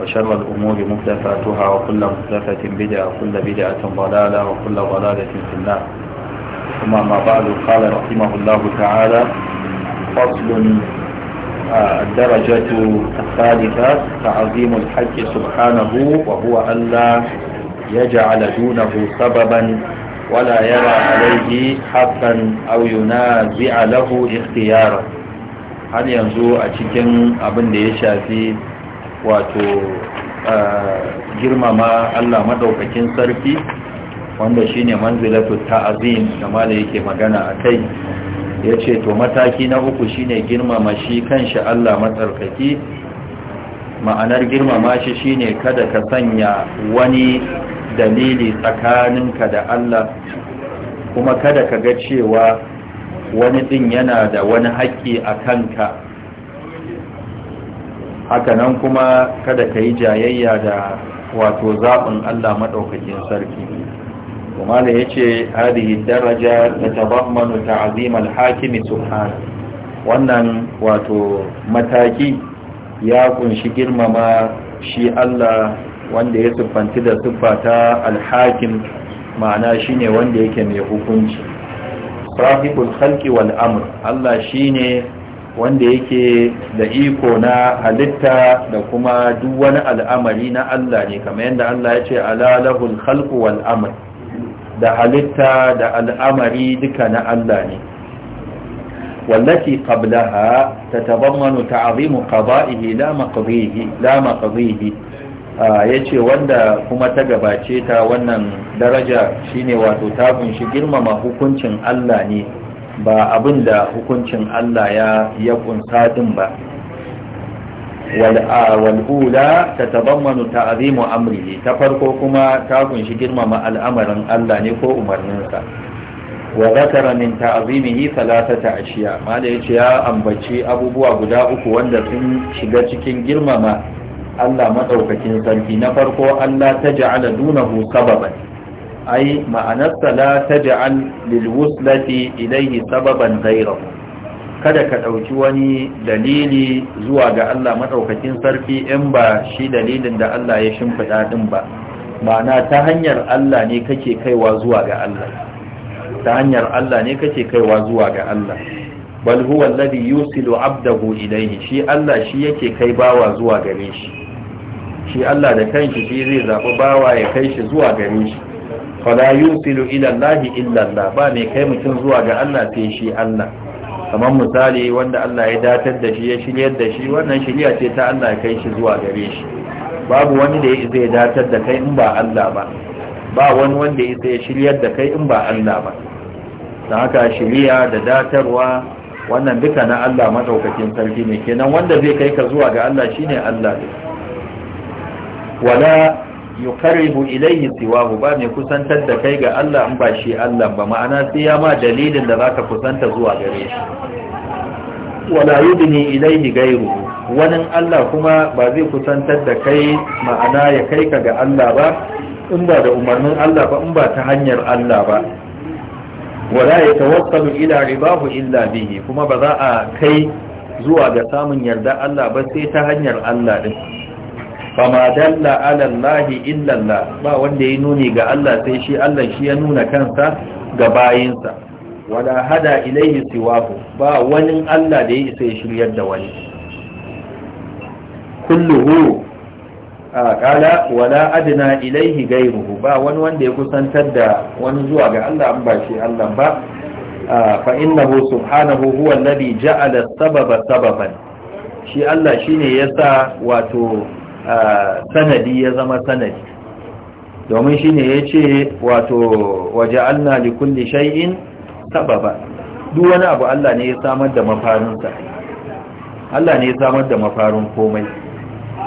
وشر الأمور مختلفاتها وكل مختلفة بدعة وكل بدعة ضلالة وكل ضلالة في النار ثم ما بعد قال رحمه الله تعالى فصل آه، الدرجة الثالثة تعظيم الحج سبحانه وهو ألا يجعل دونه سببا ولا يرى عليه حقا أو ينازع له اختيارا هل ينزو أتكن أبن ليشافي wato girmama Allah madaukakin sarki wanda shine manzilatu ta'azim da mala yake magana a kai yace to mataki na uku shine girmama shi kanshi Allah matsarkaki ma'anar girmama shi shine kada ka sanya wani dalili tsakaninka da Allah kuma kada ka ga cewa wani din yana da wani haƙƙi a kanka hakanan kuma kada ka yi jayayya da wato zaɓin Allah maɗaukakin sarki kuma da ya ce hadihi daraja da tabammanu ta'azim hakimi subhana wannan wato mataki ya kunshi girmama shi Allah wanda ya siffanti da ta alhakim ma'ana shine wanda yake mai hukunci rafiqul khalqi wal amr Allah shine wanda yake da iko na halitta da kuma duk wani al'amari na Allah ne kamar yadda Allah ya ce alalahul khalqu wal amr da halitta da al'amari duka na Allah ne wallati qablaha tatadammanu ta'zimu qada'ihi la maqdihi la maqdihi yace wanda kuma ta gabace ta wannan daraja shine wato ta kunshi girmama hukuncin Allah ne ba abin da hukuncin Allah ya ya kunsa din ba wal'ula ta tabammanu ta'azimu amrihi ta farko kuma ta kunshi girmama al'amarin Allah ne ko umarninsa wa zakara min ta'azimihi salatata ashiya mala yace ya ambaci abubuwa guda uku wanda sun shiga cikin girmama Allah madaukakin sarki na farko Allah ta ja'ala dunahu sababan ay ma'anarsa la taj'al lil wuslati ilayhi sababan ghayrahu kada ka ɗauki wani dalili zuwa ga Allah madaukakin sarki in ba shi dalilin da Allah ya shimfida din ba ma'ana ta hanyar Allah ne kake kaiwa zuwa ga Allah ta hanyar Allah ne kake kaiwa zuwa ga Allah bal huwa alladhi yusilu 'abdahu ilayhi shi Allah shi yake kai bawa zuwa gare shi shi Allah da kanshi shi zai zaɓi bawa ya kai shi zuwa gare shi fala yusilu ila Allah illa Allah ba mai kai mutum zuwa ga Allah sai shi Allah kamar misali wanda Allah ya datar da shi ya shiryar da shi wannan shiriya ce ta Allah ya kai shi zuwa gare shi babu wani da ya zai datar da kai in ba Allah ba ba wani wanda ya zai shiryar da kai in ba Allah ba don haka shiriya da datarwa wannan duka na Allah madaukakin sarki ne kenan wanda zai kai ka zuwa ga Allah shine Allah ne wala yuqarribu ilayhi siwahu ba mai kusantar da kai ga Allah in ba shi Allah ba ma'ana sai ya ma dalilin da zaka kusanta zuwa gare shi wala yudni ilayhi gairu. wani Allah kuma ba zai kusantar da kai ma'ana ya kai ka ga Allah ba in ba da umarnin Allah ba in ba ta hanyar Allah ba wala yatawassalu ila ribahu illa bihi kuma ba za a kai zuwa ga samun yarda Allah ba sai ta hanyar Allah din fama dalla ala Allahi illa ba wanda ya nuni ga Allah sai shi Allah shi ya nuna kansa ga bayinsa wala hada ilaihi siwahu ba wani Allah da ya isa ya shiryar da wani kulluhu a kala wala adna ilaihi gairuhu ba wani wanda ya kusantar da wani zuwa ga Allah an ba shi Allah ba fa innahu subhanahu huwa alladhi ja'ala sababa sababan shi Allah shine sa wato sanadi ya zama sanadi domin shi ne ya ce wato waje allah da kulle shai'in sababa duk wani abu Allah ne ya samar da mafarinsa Allah ne ya samar da mafarin komai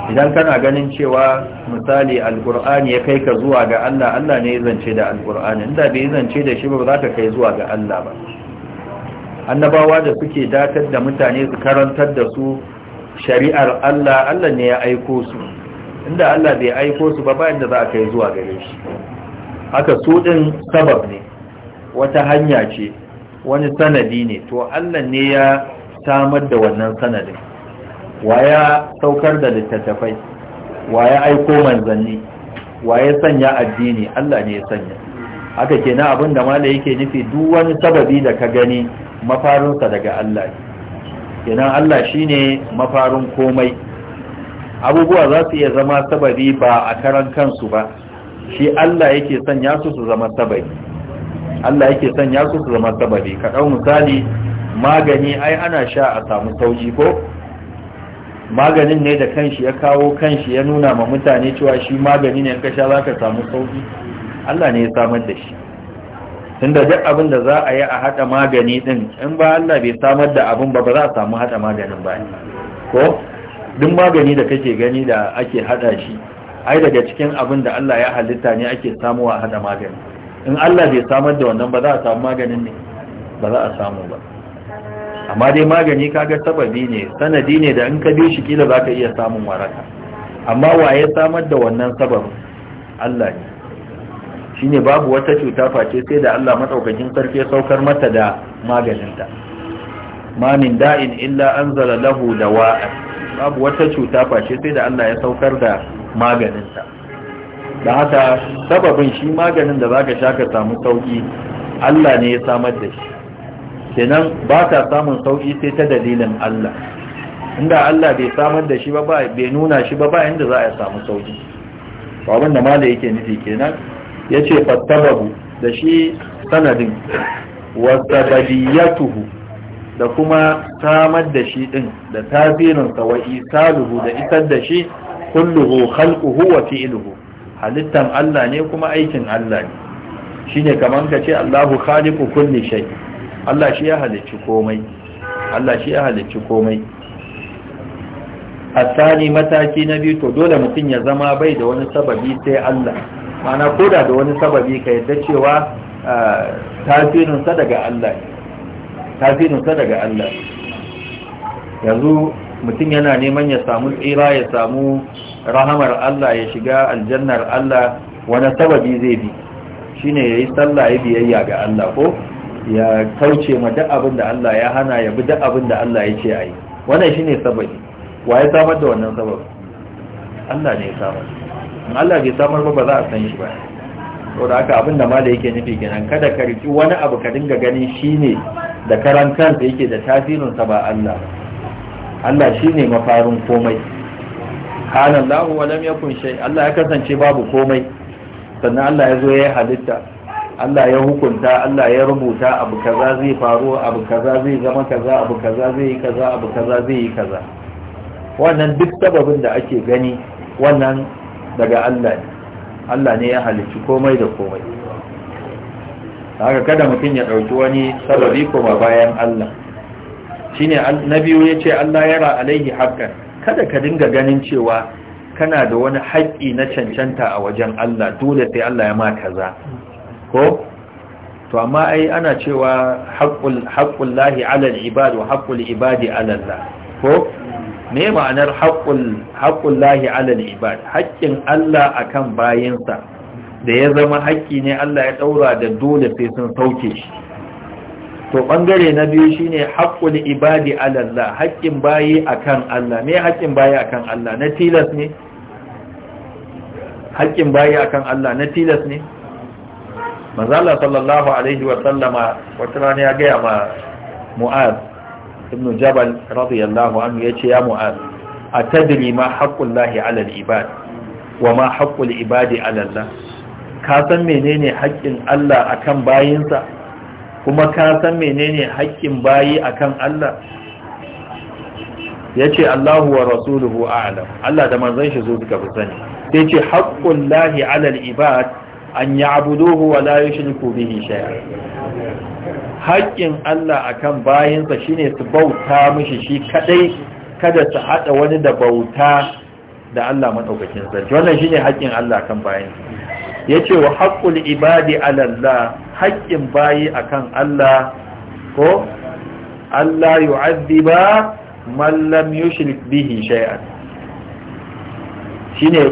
idan kana ganin cewa misali alkur'ani ya kai ka zuwa ga Allah Allah ne ya zance da alkur'ani inda bai zance da shi ba za ka kai zuwa ga Allah ba annabawa da suke datar da mutane su karantar da su shari'ar Allah Allah ne ya aiko su inda Allah bai aiko su ba bayan da za a kai zuwa gare shi haka su din sabab ne wata hanya ce wani sanadi ne to Allah ne ya samar da wannan sanadin waya saukar da littattafai waya aiko manzanni ya sanya addini Allah ne ya sanya haka kenan abinda Malam yake nufi duk wani sababi da ka gani mafarinsa daga Allah ne kenan Allah shine mafarin komai abubuwa za su iya zama sababi ba a karan kansu ba shi Allah yake sanya su su zama sababi Allah yake sanya su su zama sababi ka dau misali magani ai ana sha a samu sauki ko maganin ne da kanshi ya kawo kanshi ya nuna ma mutane cewa shi magani ne in ka sha zaka samu sauki Allah ne ya samar da shi tunda duk abin da za a yi a haɗa magani ɗin in ba Allah bai samar da abin ba ba za a samu haɗa maganin ba ko duk magani da kake gani da ake haɗa shi ai daga cikin abin da Allah ya halitta ne ake samuwa a haɗa magani in Allah bai samar da wannan ba za a samu maganin ne ba za a samu ba amma dai magani kaga sababi ne sanadi ne da in ka bi shi kila za ka iya samun waraka amma waye samar da wannan sababin Allah ne shine babu wata cuta face sai da Allah madaukakin sarki ya saukar mata da maganinta ma min da'in illa anzala lahu dawa'a babu wata cuta face sai da Allah ya saukar da maganinta da haka sababin shi maganin da zaka sha ka samu sauki Allah ne ya samar da shi kenan ba ta samun sauki sai ta dalilin Allah inda Allah bai samar da shi ba bai nuna shi ba ba inda za a samu sauki abin da mala yake nufi kenan yace fattabahu da shi sanadin wa da kuma samar da shi ɗin, da tabirin sa wa isaluhu da isar da shi kulluhu khalquhu wa fi'luhu halittan Allah ne kuma aikin Allah ne shine kaman ka ce Allahu khaliqu kulli shay Allah shi ya halicci komai Allah shi ya halicci komai a tsani mataki na biyu to dole mutum ya zama bai da wani sababi sai Allah mana koda da wani sababi ka yadda cewa tafinunsa daga Allah daga Allah yanzu mutum yana neman ya samu tsira ya samu rahamar Allah ya shiga aljannar Allah wani sababi zai bi shine yi sallah ya biyayya ga Allah ko ya kauce ma duk abin da Allah ya hana ya bi duk abin da Allah ya ce ayi wannan shine sababi wa ya samar da wannan sababi Allah ne ya samar in Allah bai samar ba za a san shi ba to da haka abin da ma da yake nufi kenan kada ka riki wani abu ka dinga ganin ne da karan kansa yake da tasirin sa ba Allah Allah shi ne mafarin komai kana Allah wa lam yakun shay Allah ya kasance babu komai sannan Allah ya zo ya halitta Allah ya hukunta Allah ya rubuta abu kaza zai faru abu kaza zai zama kaza abu kaza zai yi kaza abu kaza zai yi kaza wannan duk sababin da ake gani wannan daga Allah ne Allah ne ya halicci komai da komai haka kada mutum ya ɗauki wani sababi kuma bayan Allah shi ne na biyu ya ce Allah yara alaihi haƙƙan kada ka dinga ganin cewa kana da wani haƙƙi na cancanta a wajen Allah dole sai Allah ya ma kaza ko to amma ai ana cewa haƙƙul lahi alal ibad wa haƙƙul ibadi alal ko me ma'anar haƙƙun lahi alal ibad haƙƙin Allah a kan bayinsa da ya zama haƙƙi ne Allah ya ɗaura da dole sai sun sauke shi to ɓangare na biyu shine haƙƙun ibadi alallah haƙƙin bayi akan Allah me haƙƙin bayi a kan Allah na tilas ne haƙƙin bayi kan Allah na tilas ne manzala sallallahu alaihi wa sallama wata rana ya gaya ma mu'az ibn jabal radiyallahu anhu yace ya mu'az atadri ma haqqullahi 'ala al-ibad wa ma haqqul ibadi 'ala Allah ka san menene haƙƙin Allah akan bayinsa kuma ka san menene haƙƙin bayi akan Allah yace Allahu wa rasuluhu a'lam Allah da manzon shi zo duka sani sai ce haqqullahi 'ala al-ibad an ya'buduhu wa la yushriku bihi shay'a haƙƙin Allah akan bayansa shine su bauta mishi shi kadai kada su haɗa wani da bauta da Allah madaukakin sarki wannan shine haƙƙin Allah akan Ya ce wa haqqul ibadi ala Allah haƙƙin bayi akan Allah ko Allah yu'adhiba man lam yushrik bihi Shi ne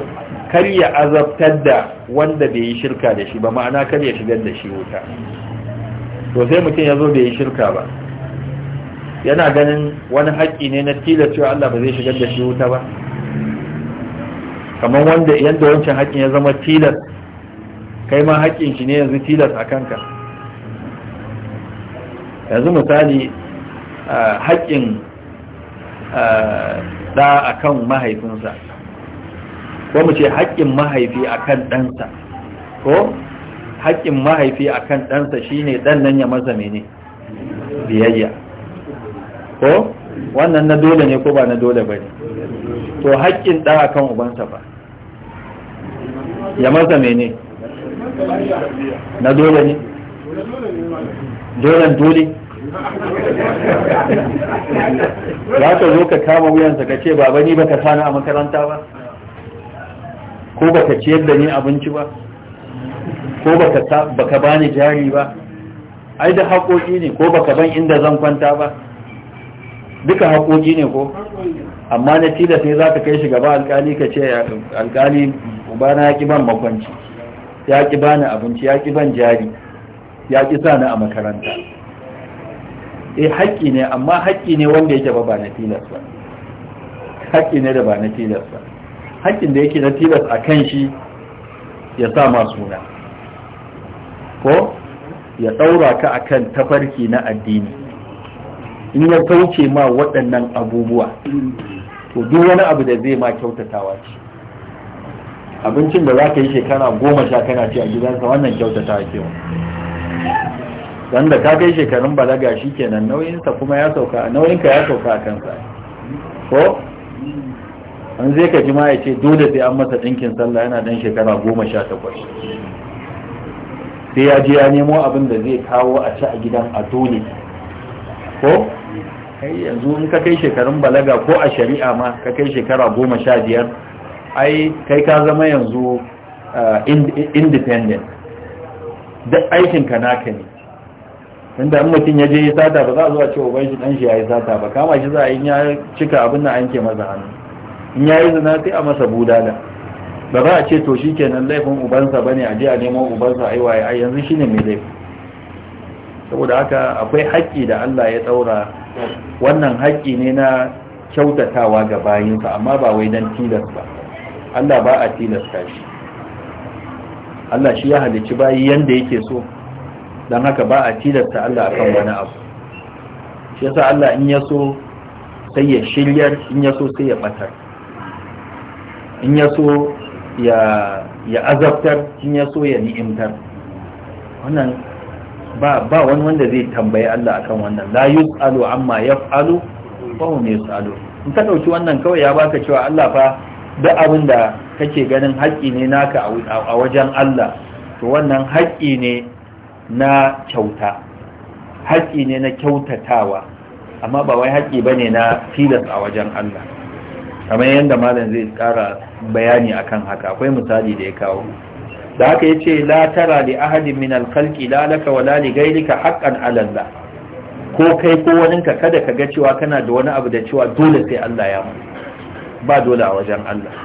karya azabtar da wanda bai yi shirka da shi ba ma'ana karya shigar da shi wuta to sai mutum ya zo bai yi shirka ba yana ganin wani haƙƙi ne na tilas cewa Allah ba zai shigar da shi wuta ba kamar wanda yadda wancan haƙƙin ya zama tilas kai ma haƙƙin shi ne yanzu tilas a kanka yanzu misali haƙƙin ɗa a kan mahaifinsa ko mu ce haƙƙin mahaifi a kan ɗansa ko haƙƙin mahaifi a kan ɗansa shine ɗan nan ya masa mene biyayya ko wannan na dole ne ko ba na dole ba ne to haƙƙin ɗa akan ubansa ba ya masa mene na dole ne dolen dole za ka zo ka kama wuyansa ka ce baba ni ba ka sani a makaranta ba ko ba ka ciyar da ni abinci ba ko baka bani jari ba ai da haƙoƙi ne ko baka ban inda zan kwanta ba duka haƙoƙi ne ko amma na tila sai za ka kai shi gaba alƙali ka ce alƙali ubana ya ƙi ban makwanci ya ƙi bani abinci ya ƙi ban jari ya ƙi sa ni a makaranta eh haƙƙi ne amma haƙƙi ne wanda yake ba ba na tilas ba haƙƙi ne da ba na tilas ba haƙƙin da yake na tilas a kan shi ya sa ma suna ko ya ɗaura ka akan tafarki na addini in ya kauce ma waɗannan abubuwa to duk wani abu da zai ma kyautatawa ce abincin da za ka yi shekara goma sha kana ce a gidansa wannan kyautata ke wa wanda ka kai shekarun balaga shi kenan nauyinsa kuma ya sauka nauyinka ya sauka a kansa ko an zai ka ji ma ya ce dole sai an masa ɗinkin sallah yana dan shekara goma sha takwas sai ya je ya nemo abin da zai kawo a ci a gidan a dole ko kai yanzu in ka kai shekarun balaga ko a shari'a ma ka kai shekara goma sha biyar ai kai ka zama yanzu uh, independent duk aikin ka naka ne inda an mutum ya je ya sata ba za a zuwa ce uban shi dan shi ya yi sata ba kama shi za a yi ya cika abin da an ke maza hannu in ya yi zina sai a masa budala ba za a ce to shi kenan laifin ubansa ba ne a je a neman ubansa aiwaye a yanzu shi ne mai laifin saboda haka akwai haƙƙi da Allah ya tsaura wannan haƙƙi ne na kyautatawa ga bayinsa amma ba wai don tilas ba Allah ba a tilasta shi Allah shi ya halicci bayi yanda yake so don haka ba a tilasta Allah akan wani abu shi yasa Allah in ya so sai ya shiryar in ya so sai ya batar in ya so ya azabtar Kin ya so ya ni'imtar wannan ba wani wanda zai tambayi Allah akan wannan la yus'alu amma yaf'alu fa hum yus'alu in ka dauki wannan kawai ya baka cewa Allah fa duk abin da kake ganin haƙƙi ne naka a wajen Allah to wannan haƙƙi ne na kyauta haƙƙi ne na kyautatawa amma ba wai haƙƙi bane na tilas a wajen Allah kamar yadda malam zai kara bayani akan haka akwai misali da ya kawo da haka ya ce la tara da ahadin min alkalki la laka wala li ghayrika haqqan ala alalla. ko kai ko waninka kada ka ga cewa kana da wani abu da cewa dole sai Allah ya mu ba dole a wajen Allah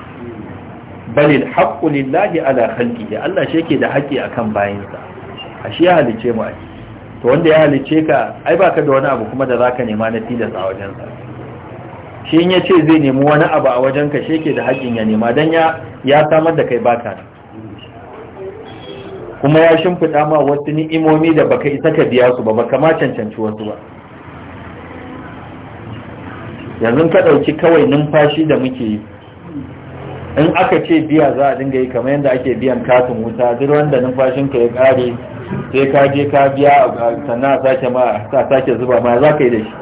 balil haqqu lillahi ala da Allah shi yake da haƙi akan bayinsa ashe ya halice mu ai to wanda ya halice ka ai baka da wani abu kuma da zaka nema na tilas a wajensa shi ya ce zai nemi wani abu a wajen ka sheke da haƙin ya nema don ya samar da kai baka kuma ya shimfiɗa ma wasu ni'imomi da baka isa ka biya su ba baka ma cancanci wasu ba yanzu ka ɗauki kawai numfashi da muke yi in aka ce biya za a dinga yi kamar yadda ake biyan katin wuta duk wanda numfashinka ya ƙare sai ka je ka biya sannan a sake a sake zuba ma za ka yi da shi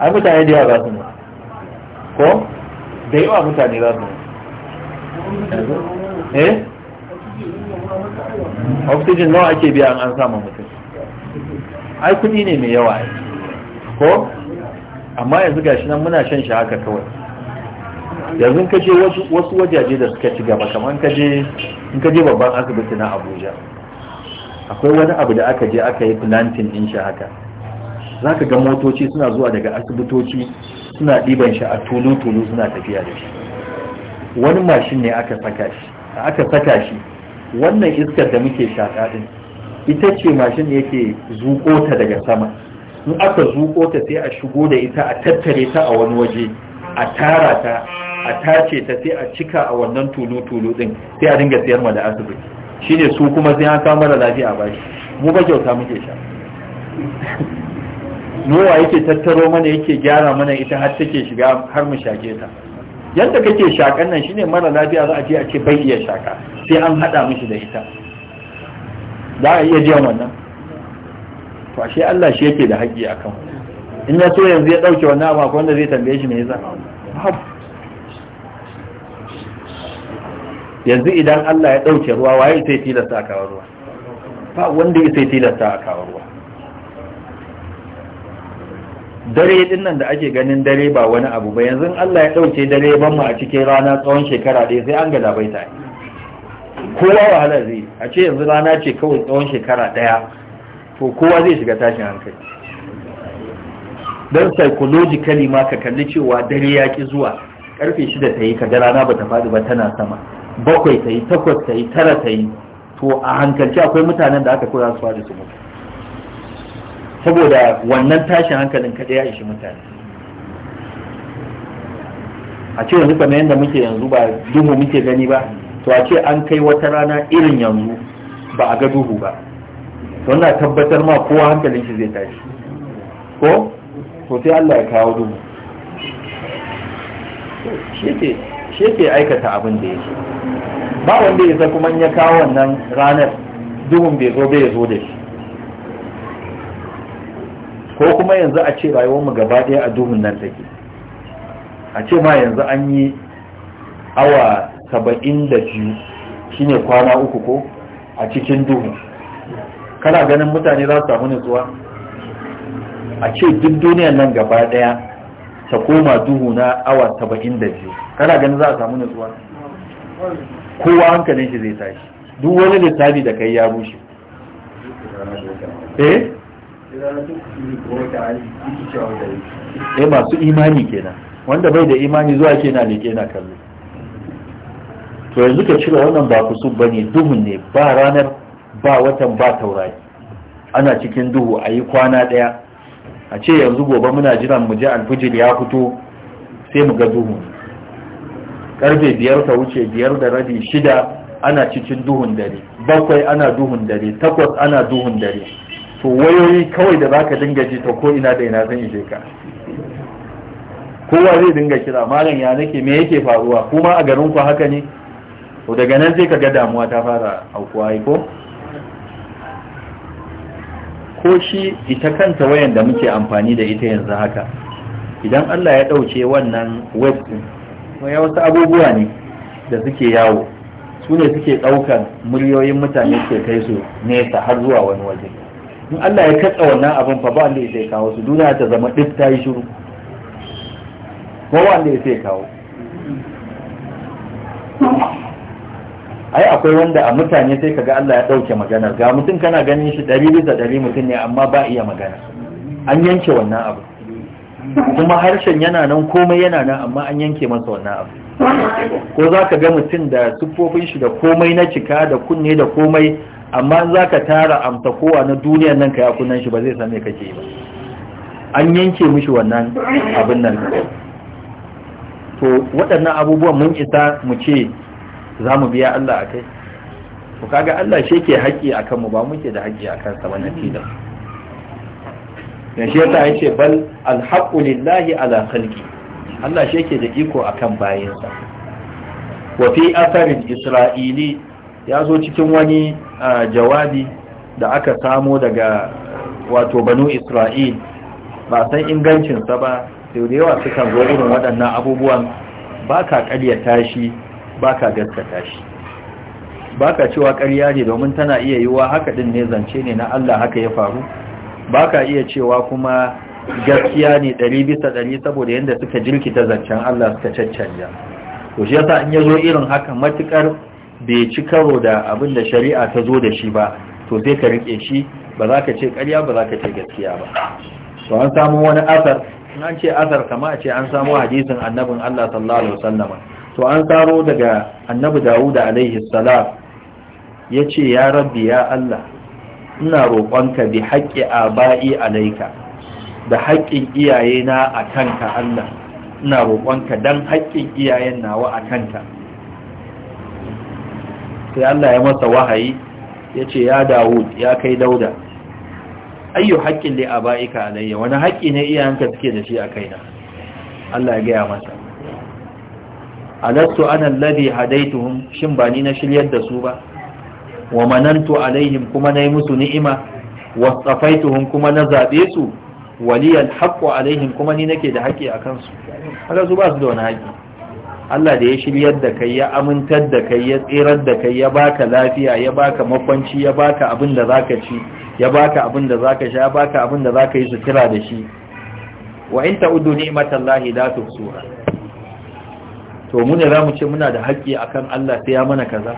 ai mutane da yawa za su ne ko da yawa mutane za su eh oxygen nawa ake biya an sama mutum ai kudi ne mai yawa ko amma yanzu gashi nan muna shan shi haka kawai yanzu ka je wasu wajaje da suka ci gaba kamar ka je in ka je babban asibiti na Abuja akwai wani abu da aka je aka yi planting din shi haka zaka ga motoci suna zuwa daga asibitoci suna ɗiban shi a tulu-tulu suna tafiya da shi wani mashin ne aka saka shi aka saka shi wannan iskar da muke shaƙa ɗin ita ce mashin yake zuƙo ta daga sama in aka zuƙo ta sai a shigo da ita a tattare ta a wani waje a tara ta a tace ta sai a cika a wannan tulu-tulu ɗin sai a dinga sayar ma da asibiti shine su kuma sai an samu mara lafiya ba shi mu ba kyauta muke sha nowa yake tattaro mana yake gyara mana ita har take shiga har mu shake ta yadda kake shakan nan shine mara lafiya za a je a ce bai iya shaka sai an hada mishi da ita za a iya jiyan wannan to ashe Allah shi yake da haƙƙi akan in ya so yanzu ya dauke wannan abu wanda zai tambaye shi me yasa yanzu idan Allah ya dauke ruwa waye sai tilasta a ruwa ba wanda sai tilasta a ruwa dare din nan da ake ganin dare ba wani abu ba yanzu Allah ya dauke dare ban mu a cikin rana tsawon shekara ɗaya sai an gada bai ta kowa wahala zai a ce yanzu rana ce kawai tsawon shekara ɗaya to kowa zai shiga tashin hankali don psychologically ma ka kalli cewa dare ya ki zuwa karfe shida ta yi ka rana ba ta faɗi ba tana sama bakwai ta yi takwas ta yi tara ta yi to a hankalci akwai mutanen da aka koya su faɗi su mutu saboda wannan tashin hankalin kaɗai ya ishi mutane a ce yanzu kamar yadda muke yanzu ba duhu muke gani ba to a ce an kai wata rana irin yanzu ba a ga duhu ba to na tabbatar ma kowa hankalin shi zai tashi ko to sai Allah ya kawo duhu shi ke aikata abin da yake ba wanda ya kuma ya kawo wannan ranar duhun bai zo bai zo da shi ko kuma yanzu a ce rayuwar mu gaba ɗaya a duhun nan take a ce ma yanzu an yi awa saba'in da biyu shine kwana uku ko a cikin duhu kana ganin mutane za su samu nutsuwa a ce duk duniyan nan gaba daya ta koma duhu na awa saba'in da biyu kana ganin za a samu nutsuwa kowa hankalin shi zai tashi duk wani littafi da kai ya rushe eh eh masu imani kenan wanda bai da imani zuwa ke na leke na kallo to yanzu ka cire wannan ba ku ba ne duhun ne ba ranar ba watan ba taurari ana cikin duhu a yi kwana ɗaya a ce yanzu gobe muna jiran mu je alfijir ya fito sai mu ga duhu karfe biyar ta wuce biyar da rabi shida ana cikin duhun dare bakwai ana duhun dare takwas ana duhun dare su wayoyi kawai da zaka dinga ji ta ko ina da ina zan ije ka kowa zai dinga kira malam ya nake me yake faruwa kuma a garin ku haka ne to daga nan sai kaga damuwa ta fara aukuwa ko ko shi ita kanta wayan da muke amfani da ita yanzu haka idan Allah ya dauke wannan web din waya wasu abubuwa ne da suke yawo su ne suke daukan muryoyin mutane ke kai su nesa har zuwa wani waje in Allah ya katsa wannan abin fa ba wanda ya sai kawo su duniya ta zama duk ta yi shiru ba wanda ya sai kawo ai akwai wanda a mutane sai kaga Allah ya dauke magana ga mutum kana ganin shi ɗari bisa ɗari mutum ne amma ba iya magana an yanke wannan abu kuma harshen yana nan komai yana nan amma an yanke masa wannan abu ko za ka ga mutum da siffofin shi da komai na cika da kunne da komai amma in za ka tara amsa kowa na duniya nan ka ya kunan shi ba zai same kake yi ba an yanke mishi wannan abin nan to waɗannan abubuwan mun isa mu ce za mu biya Allah a kai to kaga Allah shi ke haƙƙi a kanmu ba muke da haƙƙi a kansa ba na tilas yashi yasa ya ce bal alhaƙu lillahi ala khalqi Allah shi ke da iko akan bayinsa wa fi asarin isra'ili ya zo cikin wani jawabi da aka samo daga wato banu isra'il ba san ingancinsa ba sai da yawa sukan zo irin waɗannan abubuwan ba ka ƙaryata shi ba ka gaskata shi ba ka cewa ƙarya ne domin tana iya yiwuwa haka ɗin ne zance ne na Allah haka ya faru ba ka iya cewa kuma gaskiya ne ɗari bisa ɗari saboda yadda suka ta zancen Allah suka caccanja to shi yasa in ya zo irin haka matuƙar bai ci karo da abin da shari'a ta zo da shi ba to sai ka rike shi ba za ka ce karya ba za ka ce gaskiya ba to an samu wani asar in an ce asar kama a ce an samu hadisin annabin Allah sallallahu alaihi to an tsaro daga annabi Dawud alaihi salam yace ya rabbi ya Allah ina roƙonka bi haƙƙi aba'i alaika da haƙƙin iyayena a kanka Allah ina roƙonka dan haƙƙin iyayen nawa a kanka sai Allah ya masa wahayi ya ce ya Dawud ya kai Dauda ayyu haƙƙin li abaika alayya wani haƙƙi ne iyayenka suke da shi a kaina Allah ya gaya masa alastu ana alladhi hadaituhum shin ba ni na shiryar da su ba wa manantu alaihim kuma nayi musu ni'ima wasafaituhum kuma na zabe su waliyal haqqu alaihim kuma ni nake da haƙƙi akan su Allah su ba su da wani haƙƙi Allah da ya shiryar da kai ya amintar da kai ya tsirar da kai ya baka lafiya ya baka makwanci ya baka abin da zaka ci ya baka abin da zaka sha ya baka abin da zaka yi sutura da shi wa in ta'udu ni'matallahi la tuhsuha to mu ne mu ce muna da haƙƙi akan Allah sai ya mana kaza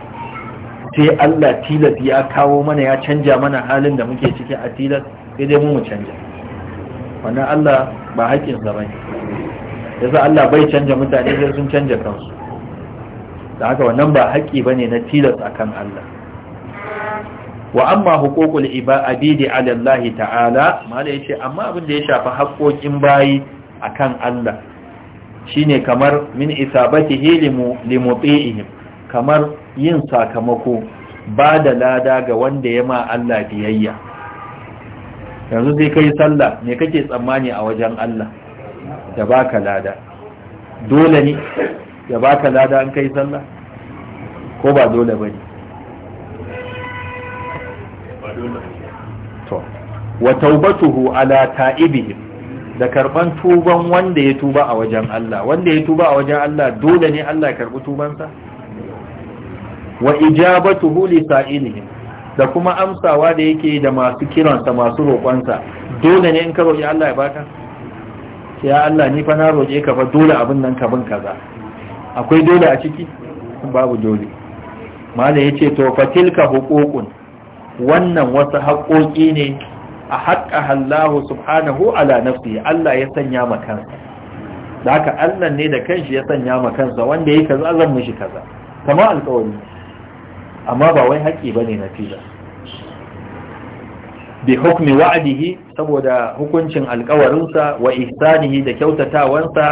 sai Allah tilas ya kawo mana ya canja mana halin da muke ciki a tilas sai dai mu mu canja wannan Allah ba haƙƙinsa bane Ya sa Allah bai canja mutane sai sun canja kansu da haka wannan ba haƙƙi bane na tilas kan Allah wa amma hukukul ibadi ala al'allahi ta'ala mala yace amma abin da ya shafi haƙoƙin bayi akan Allah shine kamar min isabatihi limuti'ihim kamar yin sakamako ba da lada ga wanda ya ma Allah biyayya yanzu sai kai sallah me kake tsammani a wajen Allah ya baka lada dole ne ya baka lada an kai sallah ko ba dole ba ne wa taubatuhu ala ta'ibihim da karban tuban wanda ya tuba a wajen Allah wanda ya tuba a wajen Allah dole ne Allah ya karbi tubansa wa ijabatuhu li sa'ilihim da kuma amsawa da yake da masu kiransa masu roƙonsa dole ne in ka roƙi Allah ya baka ya Allah ni fa na roƙe ka fa dole abin nan ka bin kaza akwai dole a ciki babu dole malai yace to fa tilka huququn wannan wasu haƙoƙi ne a haƙa Allah subhanahu ala nafsi Allah ya sanya kansa da haka Allah ne da kanshi ya sanya ma kansa wanda yake kaza zan mishi kaza kamar alƙawari amma ba wai haƙi bane na fiza. bi hukmi wa'adihi saboda hukuncin alkawarinsa wa ihsanihi da kyautatawansa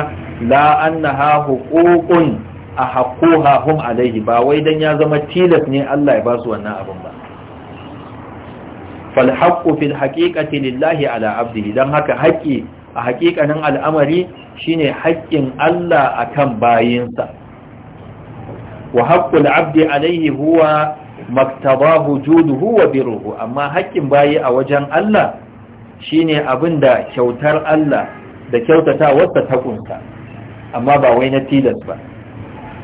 la annaha huququn a haƙoha hum alaihi ba wai dan ya zama tilas ne Allah ya ba su wannan abin ba fal haqqu fil haqiqati lillahi ala abdihi dan haka haƙi a haƙiƙanin al'amari shine haƙƙin Allah akan bayinsa wa haqqul abdi alaihi huwa maktabahu juduhu wa biruhu amma haƙƙin bayi a wajen Allah shine abin da kyautar Allah da kyautata ta kunsa amma ba wai na tilas ba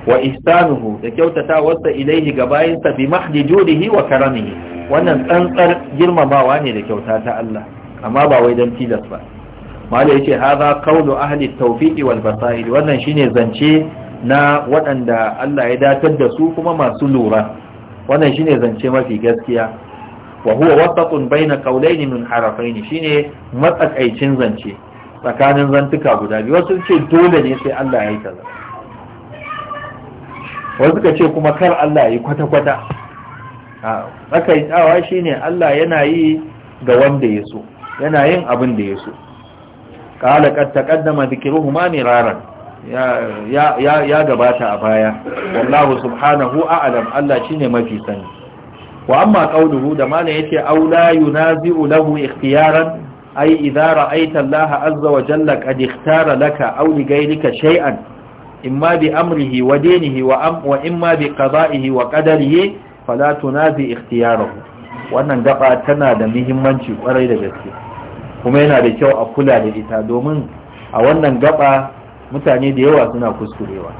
wa ihsanuhu da kyautata wasta ilaihi ga bayinsa bi mahdi judihi wa karamihi wannan tsantsar girmamawa ne da kyauta ta Allah amma ba wai don tilas ba mala yace hadha qawlu ahli tawfiqi wal basair wannan shine zance na waɗanda Allah ya datar da su kuma masu lura wannan shine zance mafi gaskiya wa huwa wasatun baina qawlayn min harafayn shine matsakaicin zance tsakanin zantuka guda biyu wasu ce dole ne sai Allah ya yi kaza wasu ka ce kuma kar Allah ya yi kwata kwata a tsakaitawa shine Allah yana yi ga wanda ya so yana yin abin da ya so qala qad taqaddama ne raran. ya gabata a baya wallahu subhanahu a'lam Allah shine mafi sani wa amma da mana yace aula yunazi'u lahu ikhtiyaran ay idza ra'aita Allah azza wa jalla qad ikhtara laka aw li ghayrika shay'an imma bi amrihi wa dinihi wa am wa imma bi qada'ihi wa qadarihi fala tunazi ikhtiyarahu wannan gaba tana da muhimmanci kwarai da gaske kuma yana da kyau a kula da ita domin a wannan gaba mutane da yawa suna kuskurewa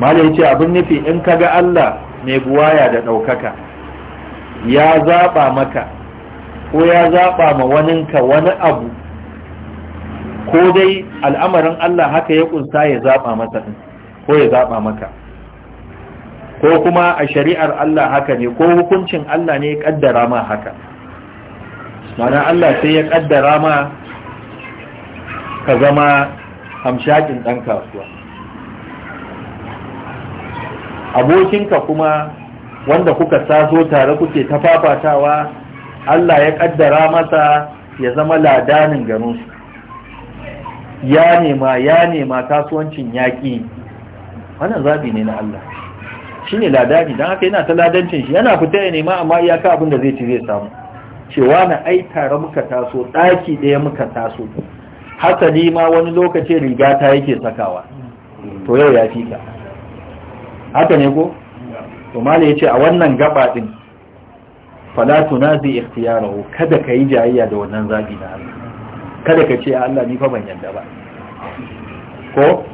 malai yace abin nufi in ka ga Allah mai buwaya da ɗaukaka ya zaba maka ko ya zaba ma waninka wani abu ko dai al'amarin Allah haka ya kunsa ya zaba masa din ko ya zaba maka ko kuma a shari'ar Allah haka ne ko hukuncin Allah ne ya kaddara ma haka mana Allah sai ya ƙaddara ma ka zama hamshakin ɗan kasuwa abokinka kuma wanda kuka sazo tare kuke ta fafatawa Allah ya ƙaddara masa ya zama ladanin garinsu ya nema ya nema kasuwancin yaƙi wannan zaɓi ne na Allah shi ne ladani don haka yana ta ladancin shi yana fita ya nema amma iyaka abin da zai ci zai samu cewa na ai tare muka taso ɗaki ɗaya muka taso hasali ma wani lokaci riga ta yake sakawa to yau ya fika haka ne ko to ya yace a wannan gaba din fala tunazi ikhtiyarahu kada ka yi jayayya da wannan zabi na Allah kada ka ce Allah ni fa ban yadda ba ko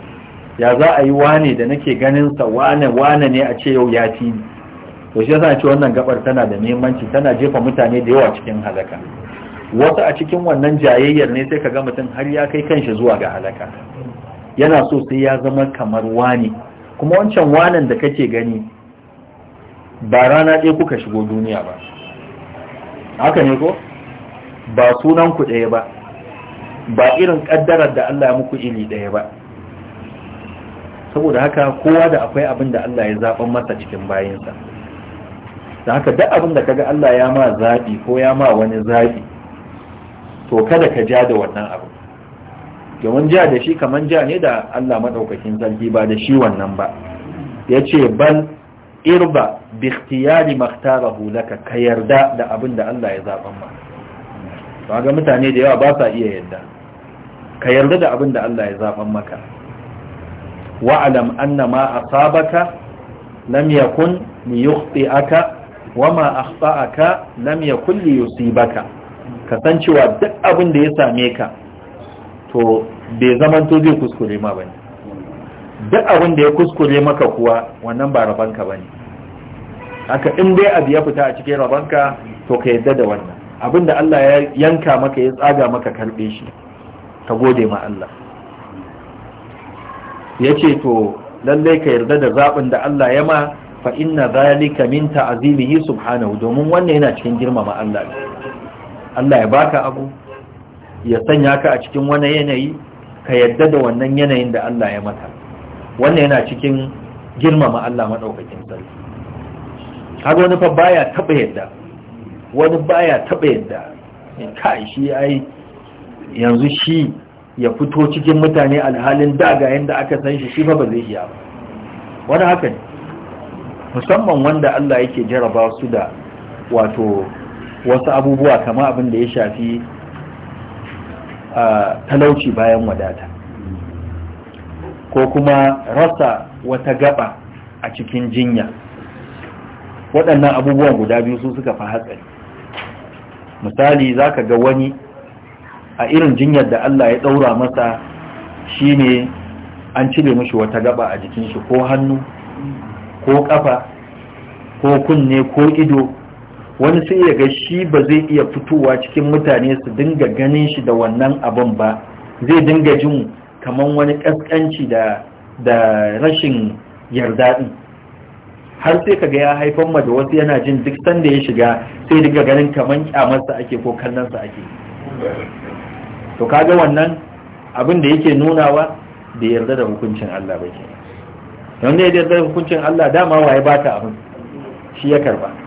ya za a yi wane da nake ganin sa wane wane ne a ce yau ya fi ni to shi yasa ce wannan gabar tana da muhimmanci tana jefa mutane da yawa cikin halaka wasu a cikin wannan jayayyar ne sai ka ga mutum har ya kai kanshi zuwa ga halaka yana so sai ya zama kamar wani kuma wancan wanan da kake gani ba rana ɗaya kuka shigo duniya ba haka ne ko ba sunan ku ɗaya ba ba irin ƙaddarar da Allah ya muku iri ɗaya ba saboda haka kowa da akwai abin da Allah ya zaɓan masa cikin bayansa da haka duk abin da kaga Allah ya ma zaɓi ko ya ma wani zaɓi to kada ka ja da wannan abu domin ja da shi kaman ja ne da Allah maɗaukakin sarki ba da shi wannan ba yace bal irba bi ikhtiyari makhtarahu ka yarda da abin da Allah ya zaɓan ma to ga mutane da yawa ba sa iya yarda ka yarda da abin da Allah ya zaɓan maka wa alam anna ma asabaka lam yakun liyukhti'aka wa ma akhta'aka lam yakun liyusibaka ka san cewa duk abin da ya same ka to bai zamanto zai kuskure ma bane duk abin da ya kuskure maka kuwa wannan ba rabanka bane haka in dai abu ya fita a cikin rabanka to ka yadda da wannan abin da Allah ya yanka maka ya tsaga maka karbe shi ka gode ma Allah yace to lallai ka yarda da zaɓin da Allah ya ma fa inna zalika min ta'zimihi subhanahu domin wannan yana cikin girmama Allah ne Allah ya baka abu ya sanya ka a cikin wani yanayi ka yadda da wannan yanayin da Allah ya mata wannan yana cikin girmama Allah maɗaukakin sarki kaga wani fa baya taɓa yadda wani baya taɓa yadda ka shi ai yanzu shi ya fito cikin mutane alhalin daga yadda aka san shi shi fa ba zai iya ba wani haka ne musamman wanda Allah yake jaraba su da wato wasu abubuwa kama abin da ya shafi ah, talauci bayan wadata ko kuma rasa wata gaba a cikin jinya waɗannan abubuwan guda biyu su suka fi hatsari misali za ka ga wani a irin jinyar da Allah ya ɗaura masa shine an cire mashi wata gaba a jikin shi ko hannu ko ƙafa ko kunne ko ido wani sai ya ga shi ba zai iya fitowa cikin mutane su dinga ganin shi da wannan abin ba zai dinga jin kamar wani kaskanci da da rashin yarda din har sai kaga ya haifar ma da wasu yana jin duk sanda ya shiga sai dinga ganin kamar kyamarsa ake ko kallonsa ake to kaga wannan abin da yake nunawa da yarda da hukuncin Allah ba ke wanda ya yarda da hukuncin Allah dama waye baka abin shi ya karba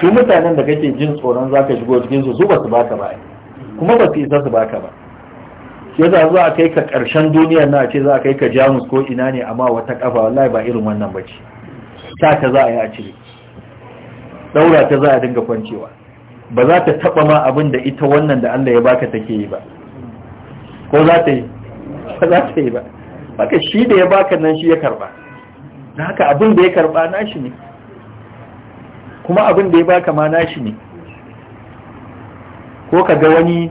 su mutanen da kake jin tsoron za ka shigo cikin su su ba su baka ba kuma ba su isa su baka ba ya za zuwa a kai ka ƙarshen duniyar na ce za a kai ka jamus ko ina ne amma wata kafa wallahi ba irin wannan ba ce ta ta za a yi a cire daura ta za a dinga kwancewa ba za ta taba ma abin da ita wannan da Allah ya baka take yi ba ko za ta yi ba za ta yi ba haka shi da ya baka nan shi ya karba da haka abin da ya karba nashi ne kuma abin da ya baka ma nashi ne ko ka ga wani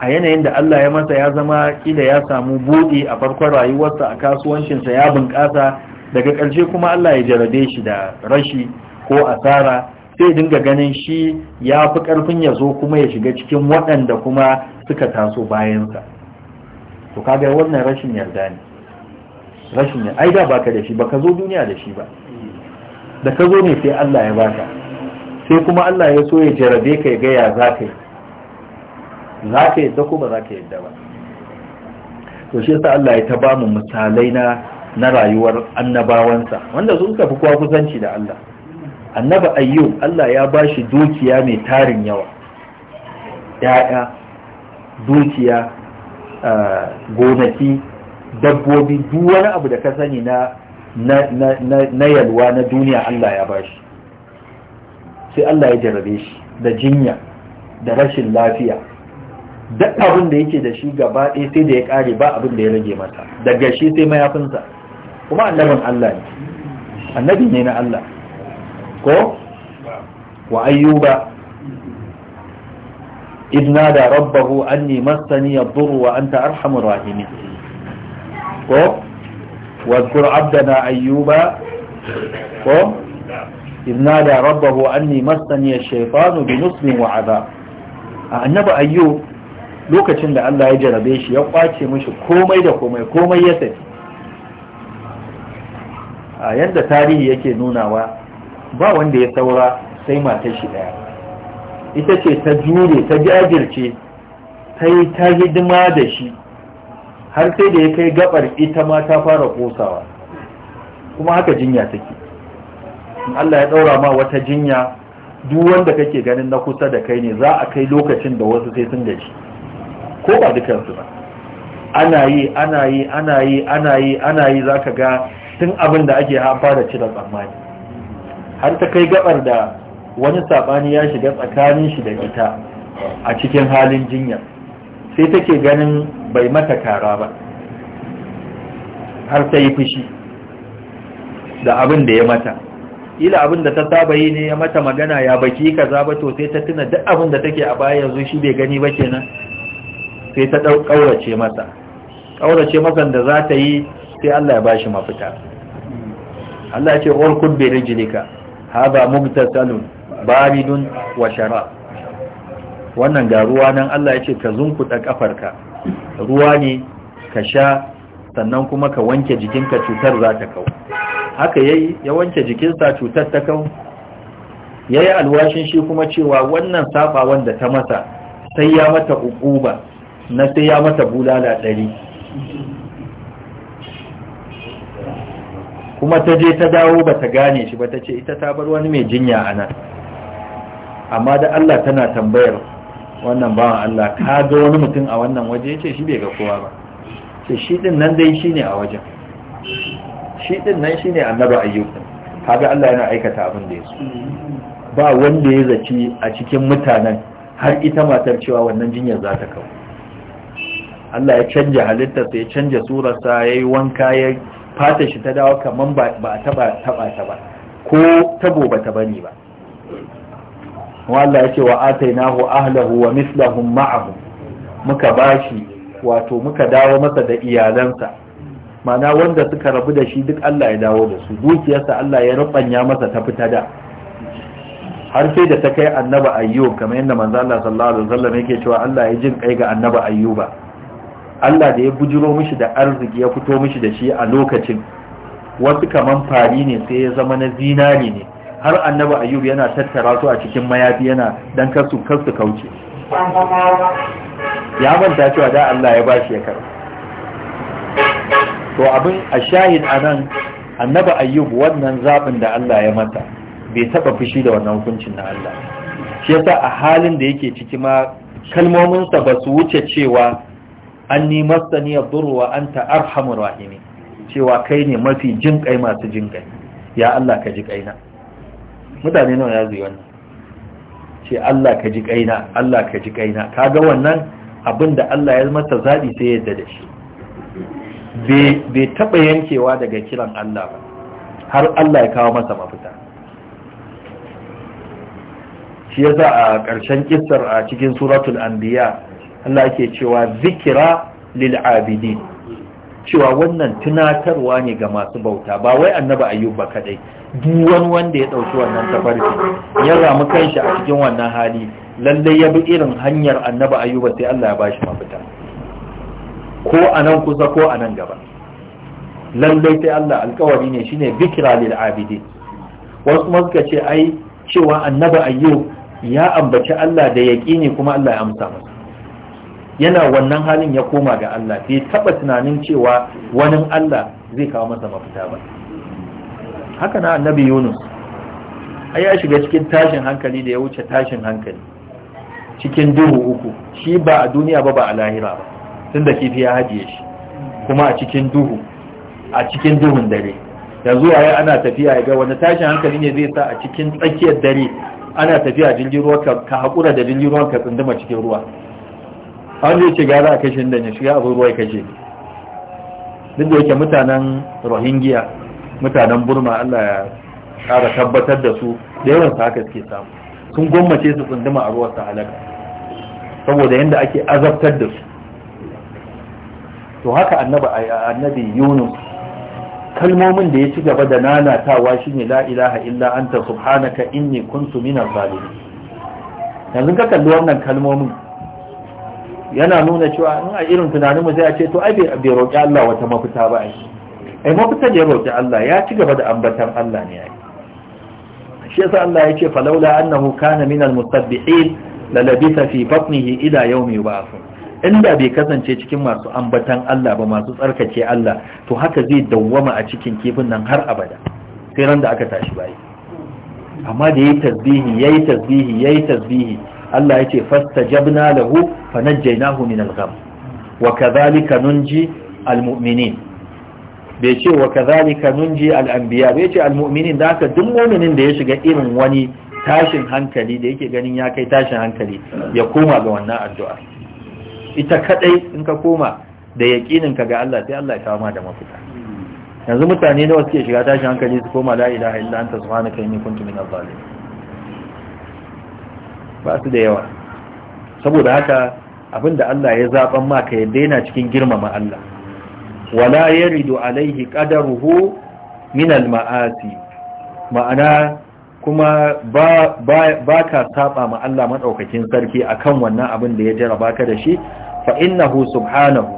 a yanayin da Allah ya masa ya zama kila ya samu buɗe a farkon rayuwarsa a kasuwancinsa ya bunƙasa daga ƙarshe kuma Allah ya jarabe shi da rashi ko asara sai dinga ganin shi ya fi ƙarfin ya zo kuma ya shiga cikin waɗanda kuma suka taso bayansa to kaga wannan rashin yarda ne rashin ne. ai da baka da shi baka zo duniya da shi ba da ka zo ne sai Allah ya baka sai kuma Allah ya so ya jarabe ka ga ya za ka yi za ka yadda ko ba za ka yadda ba to shi yasa Allah ya ta ba mu misalai na na rayuwar annabawansa wanda su suka fi kowa kusanci da Allah annaba ayyub Allah ya ba shi dukiya mai tarin yawa ya'ya dukiya gonaki dabbobi duk wani abu da ka sani na na yalwa na duniya Allah ya bashi sai Allah ya jarabe shi da jinya da rashin lafiya duk abin da yake da shi gaba ɗaya sai da ya ƙare ba abin da ya rage mata daga shi sai mayafinsa kuma annabin Allah ne annabi ne na Allah ko wa ayyuba idna da rabbahu anni massani yadurru wa anta arhamur rahimin ko abdana ayyuba! Ko. إذ نادى ربه أني مسني الشيطان بنصب وعذاب النبي ayyo, lokacin da Allah ya jarabe shi ya kwace mishi komai da komai komai ya tafi a yadda tarihi yake nunawa ba wanda ya saura sai matar shi daya ita ce ta jure ta jajirce ta yi ta hidima da shi har sai da ya kai gabar ita ma ta fara kosawa kuma haka jinya take Allah ya ɗaura ma wata jinya duk wanda kake ganin na kusa da kai ne za a kai lokacin da wasu sai sun gaji ko ba dukansu ba ana yi ana yi ana yi ana yi ana yi za ka ga tun abin da ake hafa da cire tsammani har ta kai gabar da wani saɓani ya shiga tsakanin shi da ita a cikin halin jinya sai take ganin bai mata kara ba har ta yi fushi da abin da ya mata kila abin da ta saba yi ne ya mata magana ya baki kaza ba to sai ta tuna duk abin da take a baya yanzu shi bai gani ba kenan sai ta dau kaurace masa kaurace masa da za ta yi sai Allah ya bashi mafita Allah ya ce urkud bi rijlika hada mubtasalun baridun wa shara wannan ga ruwa nan Allah ya ce ka zunkuta kafarka ruwa ne ka sha sannan kuma ka wanke jikinka cutar za ta kau haka yayi ya wanke jikinsa cutar ta kau yayi alwashin shi kuma cewa wannan safa wanda ta masa sai ya mata ukuba na sai ya mata bulala ɗari kuma ta je ta dawo ba ta gane shi ba ta ce ita ta bar wani mai jinya a nan amma da Allah tana tambayar wannan bawan Allah ka ga wani mutum a wannan waje ya ce shi bai ga kowa ba ce shi din nan dai shi ne a wajen shi din nan shi a annabi ayyukan, kaga Allah yana aikata abin da ya so ba wanda ya zaci a cikin mutanen har ita matar cewa wannan jinyar za ta kawo Allah ya canja halittarsa ya canja surarsa ya yi wanka ya fata shi ta dawo kamar ba a taba ta ba ko tabo ba ta bane ba Allah ya ce wa atainahu ahlahu wa mislahum ma'ahum muka bashi wato muka dawo masa da iyalansa mana wanda suka rabu da shi duk Allah ya dawo da su dukiyarsa Allah ya rubanya masa ta fita da har sai da ta kai annaba ayyub kamar yadda manzo Allah sallallahu alaihi wasallam yake cewa Allah ya jin kai ga annaba ayyuba Allah da ya bujiro mishi da arziki ya fito mishi da shi a lokacin wasu kaman fari ne sai ya zama na zinari ne har annaba ayyub yana tattara su a cikin mayafi yana dan kasu kasu kauce ya manta cewa da Allah ya bashi ya karba to abin a shahid anan annabi ayyub wannan zabin da Allah ya mata bai taɓa fushi da wannan hukuncin na Allah shi yasa a halin da yake ciki ma kalmominsa ba su wuce cewa an ni masani yadurru wa anta arhamur rahimi cewa kai ne mafi jin kai masu jin kai ya Allah ka ji kaina mutane nawa ya zai wannan ce Allah ka ji kaina Allah ka ji kaina kaga wannan abinda Allah ya masa zaɓi sai yadda da shi bai taɓa yankewa daga kiran Allah ba har Allah ya kawo masa mafita shi ya yasa a ƙarshen ƙisar a cikin suratul anbiya Allah ke cewa zikira lil cewa wannan tunatarwa ne ga masu bauta ba wai annaba ba kadai duk wani wanda ya ɗauki wannan tafarki ya ramu kanshi a cikin wannan hali lallai ya bi irin hanyar annaba ayyuba sai Allah ya ba shi mafita ko a nan kusa ko a nan gaba lallai sai Allah alkawari ne shine bikira lil abidi wasu maka suka ce ai cewa annaba ayyub ya ambaci Allah da ne kuma Allah ya amsa masa yana wannan halin ya koma ga Allah bai taba tunanin cewa wani Allah zai kawo masa mafita ba haka na annabi Yunus ai ya shiga cikin tashin hankali da ya wuce tashin hankali cikin duhu uku shi ba a duniya ba ba a lahira ba tun da kifi ya hajiye shi kuma a cikin duhu a cikin duhun dare yanzu yayi ana tafiya ga wani tashin hankali ne zai sa a cikin tsakiyar dare ana tafiya jirgin ruwa ka haƙura da jirgin ruwa ka tsunduma cikin ruwa an zai ce gara a kashe da ne shiga abin ruwa ya kashe duk da yake mutanen rohingya mutanen burma allah ya ƙara tabbatar da su da yawan su haka suke samu sun gwammace su tsunduma a ruwa su halaka saboda yadda ake azabtar da su to haka annabi yunus kalmomin da ya ci gaba da nanatawa shine ne la’ilaha illa anta subhanaka inni kuntu mina zalim yanzu ka kalli wannan kalmomin yana nuna cewa in a irin tunanin mu sai a ce to ai bai roƙi Allah wata mafita ba ai ai mafitar ya roƙi Allah ya ci gaba da ambatan Allah ne ai shi yasa Allah ya ce falaula annahu kana minal musabbihin la labisa fi batnihi ila yawmi yub'athun inda bai kasance cikin masu ambatan Allah ba masu tsarkake Allah to haka zai dawwama a cikin kifin nan har abada sai ran da aka tashi bayi amma da yayi tasbihi yayi tasbihi yi tasbihi Allah yace fastajabna lahu fanajjaynahu min al-gham wa kadhalika nunji al-mu'minin bai ce wa kadhalika nunji al-anbiya bai ce al-mu'minin da haka duk mu'minin da ya shiga irin wani tashin hankali da yake ganin ya kai tashin hankali ya koma ga wannan addu'a ita kadai in ka koma da yaƙinin ka ga Allah sai Allah ya kawo ma da mafita yanzu mutane nawa suke shiga tashin hankali su koma la ilaha illa anta subhanaka inni kuntu minaz zalimin ba su da yawa saboda haka abinda Allah ya zaban maka, ya daina cikin girmama Allah wala yaridu alaihi qadaruhu min al ma'asi ma'ana kuma ba ka saba ma Allah maɗaukakin sarki akan wannan abin da ya jaraba ka da shi fa innahu subhanahu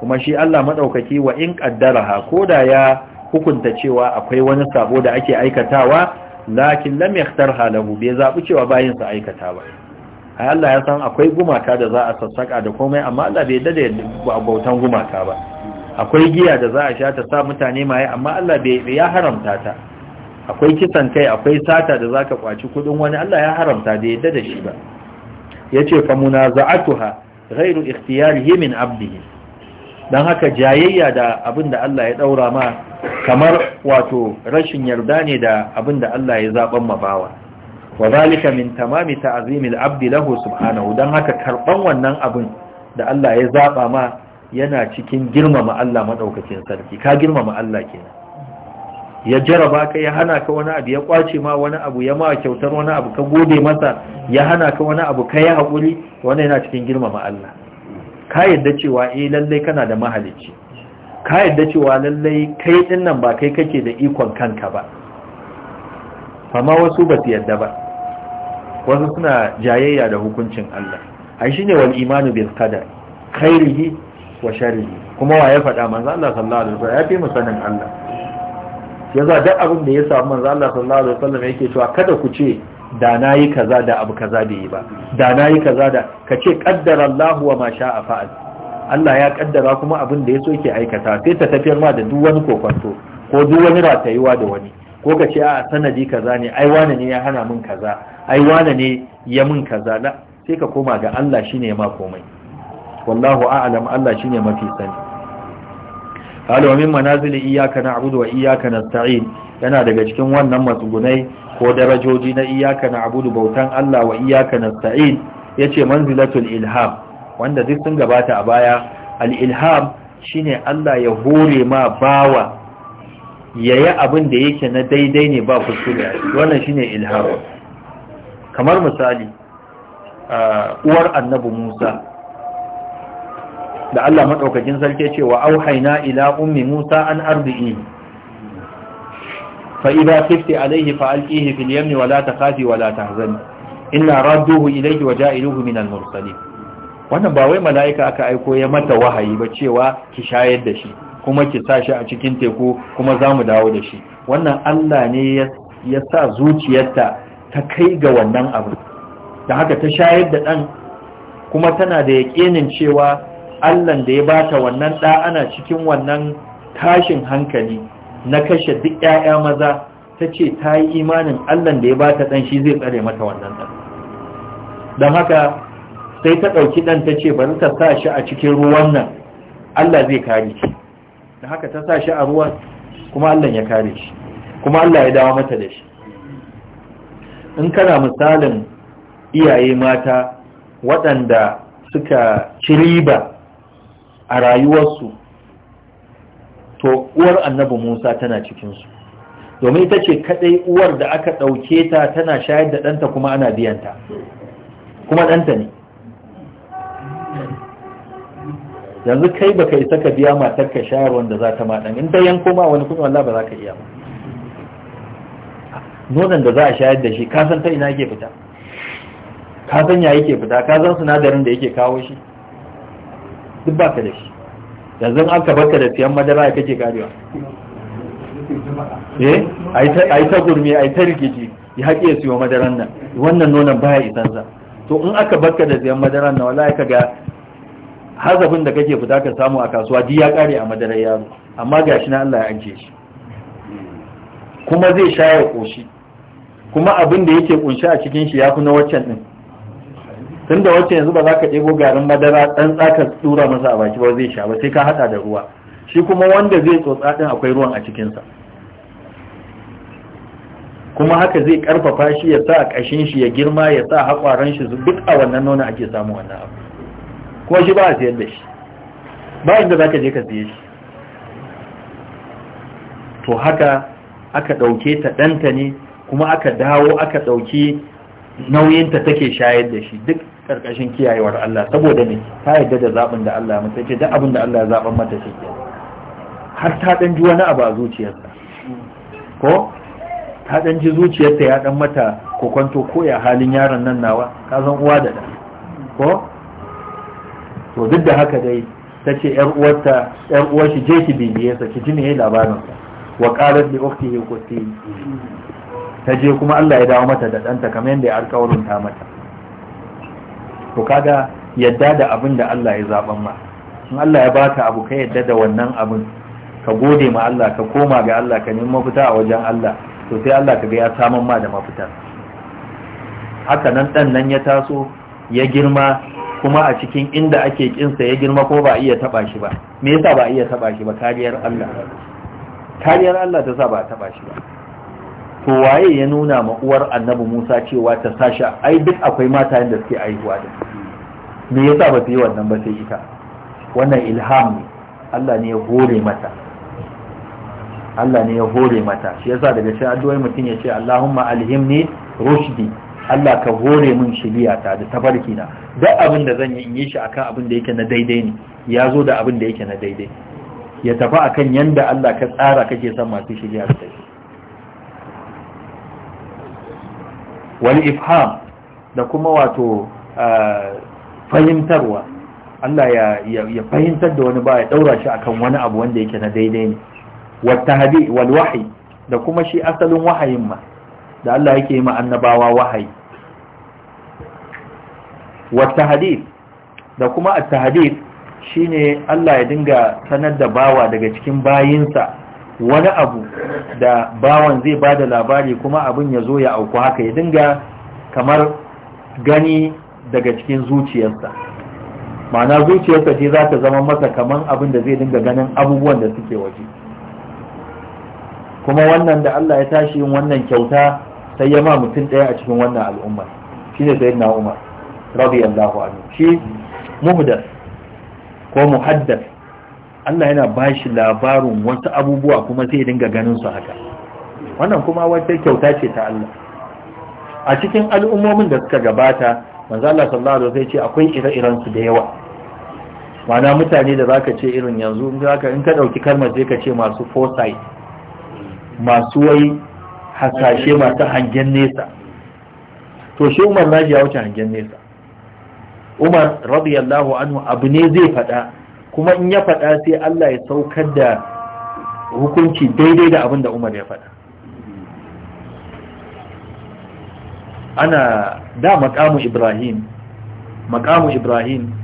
kuma shi Allah maɗaukaki wa in ƙaddaraha ko da ya hukunta cewa akwai wani sabo da ake aikatawa lakin lam yakhtarha lahu bai zabi cewa bayin sa aikata ba ai Allah ya san akwai gumaka da za a sassaka da komai amma Allah bai dade bautan gumaka ba akwai giya da za a sha ta sa mutane mai amma Allah bai ya haramta ta akwai kisan kai akwai sata da zaka kwaci kudin wani Allah ya haramta da yadda da shi ba yace fa munaza'atuha ghairu ikhtiyarihi min abdihi dan haka jayayya da abinda Allah ya daura ma kamar wato rashin yarda ne da abinda Allah ya zaban ma bawa wa min tamami azimil abdi lahu subhanahu dan haka karban wannan abin da Allah ya zaba ma yana cikin girmama Allah madaukakin sarki ka girmama Allah kenan ya jaraba ka ya hana ka wani abu ya kwace ma wani abu ya ma kyautar wani abu ka gode masa ya hana ka wani abu ka yi haƙuri Wani yana cikin girmama Allah ka yadda cewa eh lallai kana da mahalicci ka yadda cewa lallai kai din nan ba kai kake da ikon kanka ba amma wasu ba su yadda ba wasu suna jayayya da hukuncin Allah ai shine wal imanu bil qadar khairihi wa sharrihi kuma wa ya faɗa manzo Allah sallallahu alaihi wasallam ya fi musanin Allah yasa duk abin da ya samu manzo Allah sallallahu alaihi wasallam yake cewa kada ku ce da nayi kaza da abu kaza bai yi ba da nayi kaza da kace qaddara Allah wa ma sha'a fa'al Allah ya kaddara kuma abin da ya so yake aikata sai ta tafiyar ma da duk wani kokonto ko duk wani ratayuwa da wani ko ka ce a sanadi kaza ne ai wane ne ya hana min kaza ai wane ne ya min kaza la sai ka koma ga Allah shine ya ma komai wallahu a'lam Allah shine mafi sani قال ومن منازل إياك نعبد وإياك نستعين yana daga cikin wannan matsugunai ko darajoji na iyaka na abudu bautan Allah wa iyaka na sa'id ya ce manzilatul ilham wanda duk sun gabata a baya al'ilham shi ne Allah ya hore ma bawa ya yi abin da yake na daidai ne ba kuskure wannan shi ne ilham kamar misali ah, uwar annabi musa da Allah madaukakin sarki cewa auhaina ila ummi Musa an arbi'i fa idza khifti alayhi fa alqihi fil yamni wa la takhafi wa la tahzani inna radduhu ilayhi wa ja'iluhu min al mursalin wannan ba wai mala'ika aka aiko ya mata wahayi ba cewa ki shayar da shi kuma ki sa shi a cikin teku kuma za mu dawo da shi wannan Allah ne ya sa zuciyarta ta kai ga wannan abu da haka ta shayar da ɗan kuma tana da yaƙinin cewa allan da ya ba ta wannan ɗa ana cikin wannan tashin hankali na kashe duk 'ya'ya maza ta ce ta yi imanin allan da ya ba ta ɗan shi zai tsare mata wannan ɗan don haka sai ta ɗauki ɗan ta ce bari ta sa shi a cikin ruwan nan allah zai kare shi da haka ta sa shi a ruwan kuma Allah ya kare shi kuma allah ya dawo mata da shi in kana misalin iyaye mata waɗanda suka ci riba a rayuwarsu to uwar annabi musa tana cikinsu domin ita ce kadai uwar da aka ɗauke ta tana shayar da ɗanta kuma ana biyanta kuma ɗanta ne yanzu kai ba ka isa ka biya matar ka shayar wanda za ta maɗan in bayan koma wani kuma Allah ba za ka iya ba nonon da za a shayar da shi ka san ta ina yake fita ka san ya yake fita ka san sinadarin da yake kawo shi duk ka da shi yanzu an ka baka da siyan madara ya kake karewa eh ai ta gurmi ai ta rikici ya haƙi ya siyo madaran nan wannan nonon baya isansa to in aka baka da siyan madaran nan wallahi ga hazafin da kake fita ka samu a kasuwa di ya kare a madarar yaro amma gashi na Allah ya anje shi kuma zai sha koshi kuma abin da yake kunshi a cikin shi ya fi na waccan din tun da wacce yanzu ba za ka ɗebo garin madara ɗan tsaka tura masa a baki ba zai sha ba sai ka haɗa da ruwa shi kuma wanda zai tsotsa ɗin akwai ruwan a cikinsa kuma haka zai ƙarfafa shi ya sa ƙashin shi ya girma ya sa haƙwaran shi su duk a wannan nonon ake samu wannan abu kuma shi ba a siyar da shi ba inda za ka je ka siye shi to haka aka ɗauke ta ɗanta ne kuma aka dawo aka ɗauki nauyinta take shayar da shi duk karkashin kiyayewar Allah saboda ne ta yadda da zaɓin da Allah mata ce don abin da Allah ya zaɓin mata shi ke har ta ɗan ji wani abu a zuciyarsa ko ta ɗan ji zuciyarta ya ɗan mata kokwanto ko ya halin yaron nan nawa ka san uwa da ɗan ko to duk da haka dai ta ce ‘yar uwarta ‘yar uwar shi je ki bibiye sa ki ji me labarinsa wa ƙarar da ukhtihi ya ta je kuma Allah ya dawo mata da ɗanta kamar yadda ya alƙawarin ta mata to kaga yadda da abin da Allah ya zaben ma in Allah ya baka abu ka yadda da wannan abin ka gode ma Allah ka koma ga Allah ka nemi mafita a wajen Allah to sai Allah ga ya saman ma da mafita haka nan dan nan ya taso ya girma kuma a cikin inda ake kinsa ya girma ko ba iya taba shi ba me yasa ba iya taba shi ba kariyar Allah kariyar Allah ta sa ba taba shi ba to waye ya nuna ma uwar annabi Musa cewa ta sasha? ai duk akwai matayen da suke aihuwa da me yasa ba ta yi wannan ba sai ita wannan ilham ne Allah ne ya hore mata Allah ne ya hore mata shi yasa daga cikin addu'o'i mutum ya ce Allahumma alhimni rushdi Allah ka hore min ta da tabarki na duk abin da zan yi in yi shi akan abin da yake na daidai ne ya zo da abin da yake na daidai ya tafi akan yanda Allah ka tsara kake son masu shiriya da tafi wal ifham da kuma wato eh, fahimtarwa Allah ya fahimtar da wani ba ya daura shi akan wani abu wanda yake na daidai ne wat tahdi wal da kuma shi asalin wahayin ma da Allah yake yi ma annabawa wahayi wat tahdi da kuma at tahdi shine Allah ya dinga sanar da bawa daga cikin bayinsa wani abu da bawan zai ba da labari kuma abin ya zo ya auku haka ya dinga kamar gani daga cikin zuciyarsa ma'ana zuciyarsa ce za ta zama masa kamar abin da zai dinga ganin abubuwan da suke waje kuma wannan da Allah ya tashi yin wannan kyauta sai ya ma mutum ɗaya a cikin wannan al'umma shi ne sayyidina umar radiyallahu anhu shi muhdas ko muhaddas Allah yana ba shi labarin wasu abubuwa kuma sai ya dinga ganin su haka wannan kuma wata kyauta ce ta Allah a cikin al'ummomin da suka gabata manzo Allah sallallahu alaihi wasallam ya ce akwai ire-iren su da yawa ma'ana mutane da zaka ce irin yanzu in zaka in ka dauki kalmar sai ka ce masu foresight masu wai hasashe masu hangen nesa to shi Umar naji ya wuce hangen nesa Umar radiyallahu anhu abu ne zai fada kuma in ya faɗa sai Allah ya saukar da hukunci daidai da abin da Umar ya faɗa ana da makamu Ibrahim makamu Ibrahim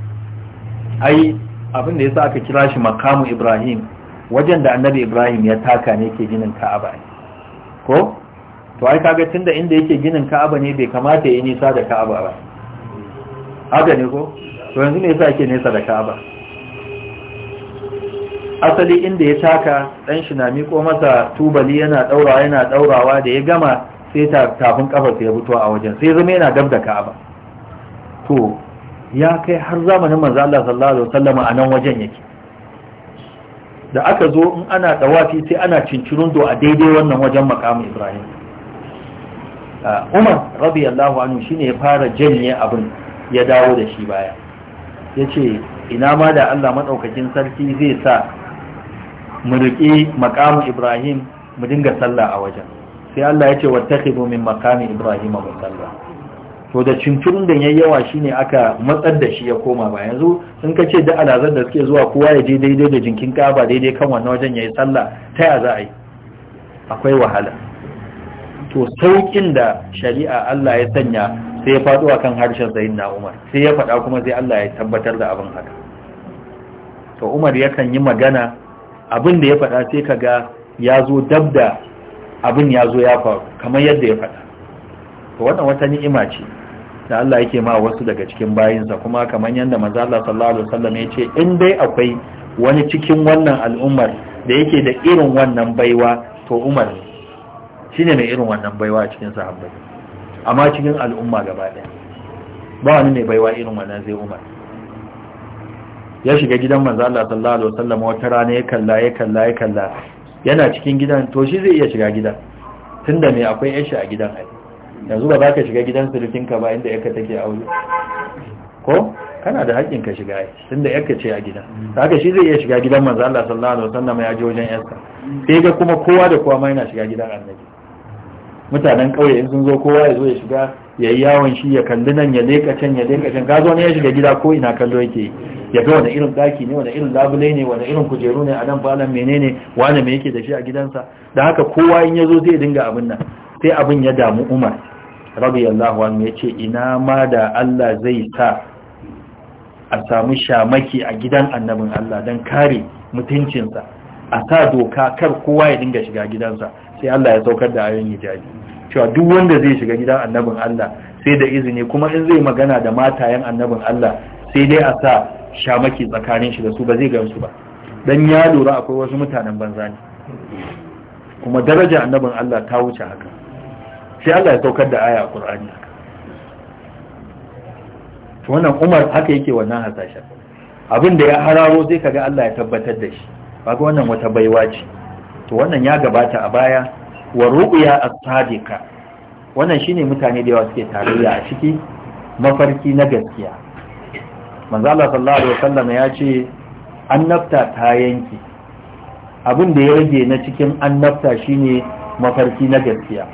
ai abin da sa aka kira shi makamu Ibrahim wajen da annabi Ibrahim ya taka ne ke ginin Ka'aba ne, ko to ai kaga tunda inda yake ginin Ka'aba ne bai kamata ya yi nisa da Ka'aba ba haka ne ko to yanzu ne yasa yake nesa da Ka'aba asali inda ya taka dan shi na miko masa tubali yana ɗaurawa yana ɗaurawa da ya gama sai tafin kafarsa ya fito a wajen sai zama yana gab da ka'aba to ya kai har zamanin manzo Allah sallallahu alaihi wasallam a nan wajen yake da aka zo in ana dawafi sai ana cincirin do a daidai wannan wajen makamin Ibrahim Umar radiyallahu anhu shine ya fara janye abin ya dawo da shi baya yace ina ma da Allah madaukakin sarki zai sa mu riƙi makamu ibrahim mu dinga sallah a wajen sai Allah ya ce takhibu min makamin ibrahim musalla to da cincirin da yayi yawa shine aka matsar da shi ya koma ba yanzu sun ka ce da alazar da suke zuwa kowa ya je daidai da jinkin kaba daidai kan wannan wajen yayi sallah ta ya za a yi akwai wahala to saukin da shari'a Allah ya sanya sai ya faɗo akan harshen sayyidina Umar sai ya faɗa kuma sai Allah ya tabbatar da abin haka to Umar yakan yi magana abin da ya faɗa sai ka ga ya zo dab da abin ya zo ya faru kamar yadda ya faɗa to wannan wata ni'ima ce da Allah yake ma wasu daga cikin bayinsa kuma kamar yadda manzo Allah sallallahu alaihi wasallam ya ce in dai akwai wani cikin wannan al'ummar da yake da irin wannan baiwa to Umar ne shine mai irin wannan baiwa a cikin sahabbai amma cikin al'umma gaba ɗaya ba wani mai baiwa irin wannan zai Umar ya shiga gidan manzo Allah sallallahu alaihi wasallam wata rana ya kalla ya kalla ya kalla yana cikin gidan to shi zai iya shiga gidan tunda me akwai yashi a gidan ai yanzu ba za ka shiga gidan ka ba inda yake take aure ko kana da haƙƙin ka shiga tunda yake ce a gidan haka shi zai iya shiga gidan manzo Allah sallallahu alaihi wasallam ya je wajen yarsa sai ga kuma kowa da kowa ma yana shiga gidan annabi mutanen ƙauye in sun zo kowa ya zo ya shiga ya yi yawon shi ya kalli nan ya leka can ya leka can gazo ne ya shiga gida ko ina kallo yake ya ga wani irin daki ne wani irin labule ne wani irin kujeru ne a nan falon menene wani me yake da shi a gidansa da haka kowa in ya zo zai dinga abin nan sai abin ya damu umar radiyallahu anhu ya ce ina ma da Allah zai sa a samu shamaki a gidan annabin Allah don kare mutuncinsa a sa doka kar kowa ya dinga shiga gidansa sai Allah ya saukar da ayoyin hijabi cewa duk wanda zai shiga gidan annabin Allah sai da izini kuma in zai magana da matayen annabin Allah sai dai a sa shamaki tsakanin shi da su ba zai gamsu ba dan ya lura akwai wasu mutanen banza ne kuma daraja annabin Allah ta wuce haka sai Allah ya saukar da aya a Qur'ani wannan Umar haka yake wannan hasashen abin da ya hararo sai kaga Allah ya tabbatar da shi kaga wannan wata baiwa ce to wannan ya gabata a baya wa ru'ya as-sadiqa wannan shine mutane da yawa suke tarayya a ciki mafarki na gaskiya manzo Allah sallallahu alaihi wasallam ya ce annabta ta yanki abin da ya rage na cikin annabta shine mafarki na gaskiya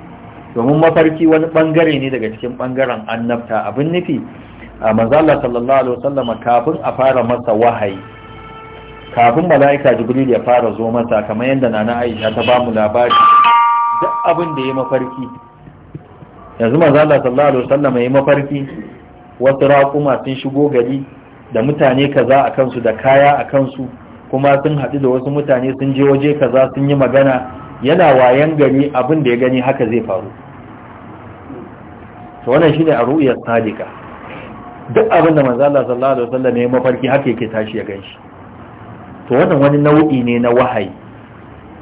domin mafarki wani bangare ne daga cikin bangaren annabta abin nufi manzo Allah sallallahu alaihi wasallam kafin a fara masa wahayi kafin mala'ika jibril ya fara zo mata kamar yadda nana aisha ta bamu labari duk abin da ya mafarki yanzu manzo Allah sallallahu alaihi wasallam ya mafarki wasu raƙuma sun shigo gari da mutane kaza a kansu da kaya a kansu kuma sun haɗu da wasu mutane sun je waje kaza sun yi magana yana wayan gari abin da ya gani haka zai faru to wannan shine a ru'yar sadiqa duk abin da manzo Allah sallallahu alaihi wasallam ya mafarki haka yake tashi ya ganshi to wannan wani nau'i ne na wahayi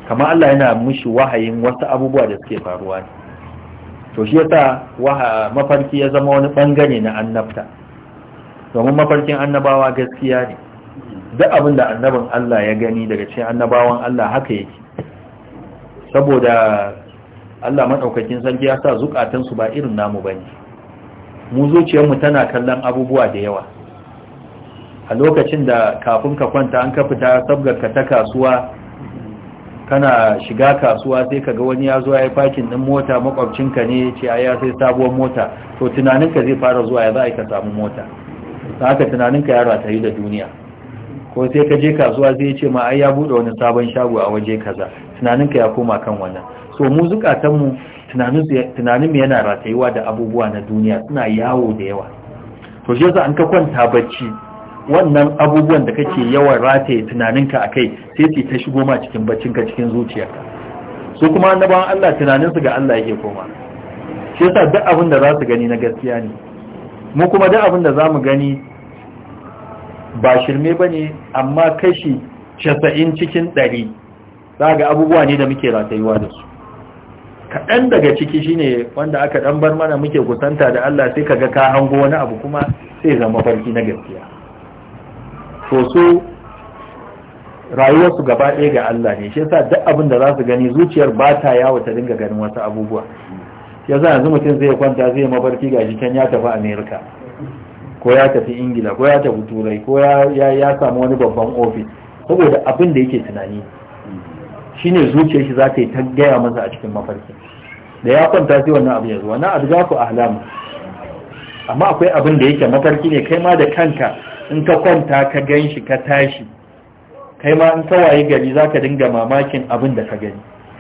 kamar Allah yana mushi wahayin wasu abubuwa da suke faruwa ne to shi yasa mafarki ya zama wani bangare na annabta domin mafarkin annabawa gaskiya ne duk abin da annabin Allah ya gani daga cikin annabawan Allah haka yake saboda Allah madaukakin sarki ya sa zukatansu ba irin namu bane mu zuciyarmu tana kallon abubuwa da yawa a lokacin da kafin ka kwanta an ka fita saboda ka ta kasuwa kana shiga kasuwa sai ga wani ya zo ya yi fakin din mota makwabcinka ne ce ya sai sabuwar mota to tunaninka zai fara zuwa ya za a yi ka samu mota ta haka tunaninka ya yi da duniya ko sai ka je kasuwa zai ce ma ai ya buɗe wani sabon shago a waje kaza tunaninka ya koma kan wannan so mu zukatanmu tunanin mu yana ratayuwa da abubuwa na duniya suna yawo da yawa to shi yasa an ka kwanta bacci wannan abubuwan da kake yawan rataye tunaninka a kai sai ce ta shigo ma cikin baccinka cikin zuciyarka So kuma annabawan Allah tunaninsu ga Allah yake koma shi yasa duk abin da za su gani na gaskiya ne mu kuma duk abin da za mu gani ba shirme ba ne amma kashi casa'in cikin ɗari za ga abubuwa ne da muke ratayuwa da su kaɗan daga ciki shine wanda aka ɗan bar mana muke kusanta da Allah sai ka ga ka hango wani abu kuma sai zama farki na gaskiya to su rayuwarsu gaba ɗaya ga Allah ne shi yasa duk abin da za su gani zuciyar ba ta yawo ta dinga ganin wasu abubuwa ya za yanzu mutum zai kwanta zai mafarki ga shi ya tafi amerika ko ya tafi ingila ko ya tafi turai ko ya samu wani babban ofis saboda abin da yake tunani shine zuciyar shi za ta yi ta gaya masa a cikin mafarki da ya kwanta sai wannan abin ya zo wannan adgafu ahlam amma akwai abin da yake mafarki ne kai ma da kanka in ka kwanta ka gan shi ka tashi kai ma in ka waye gari za ka dinga mamakin abin da ka gani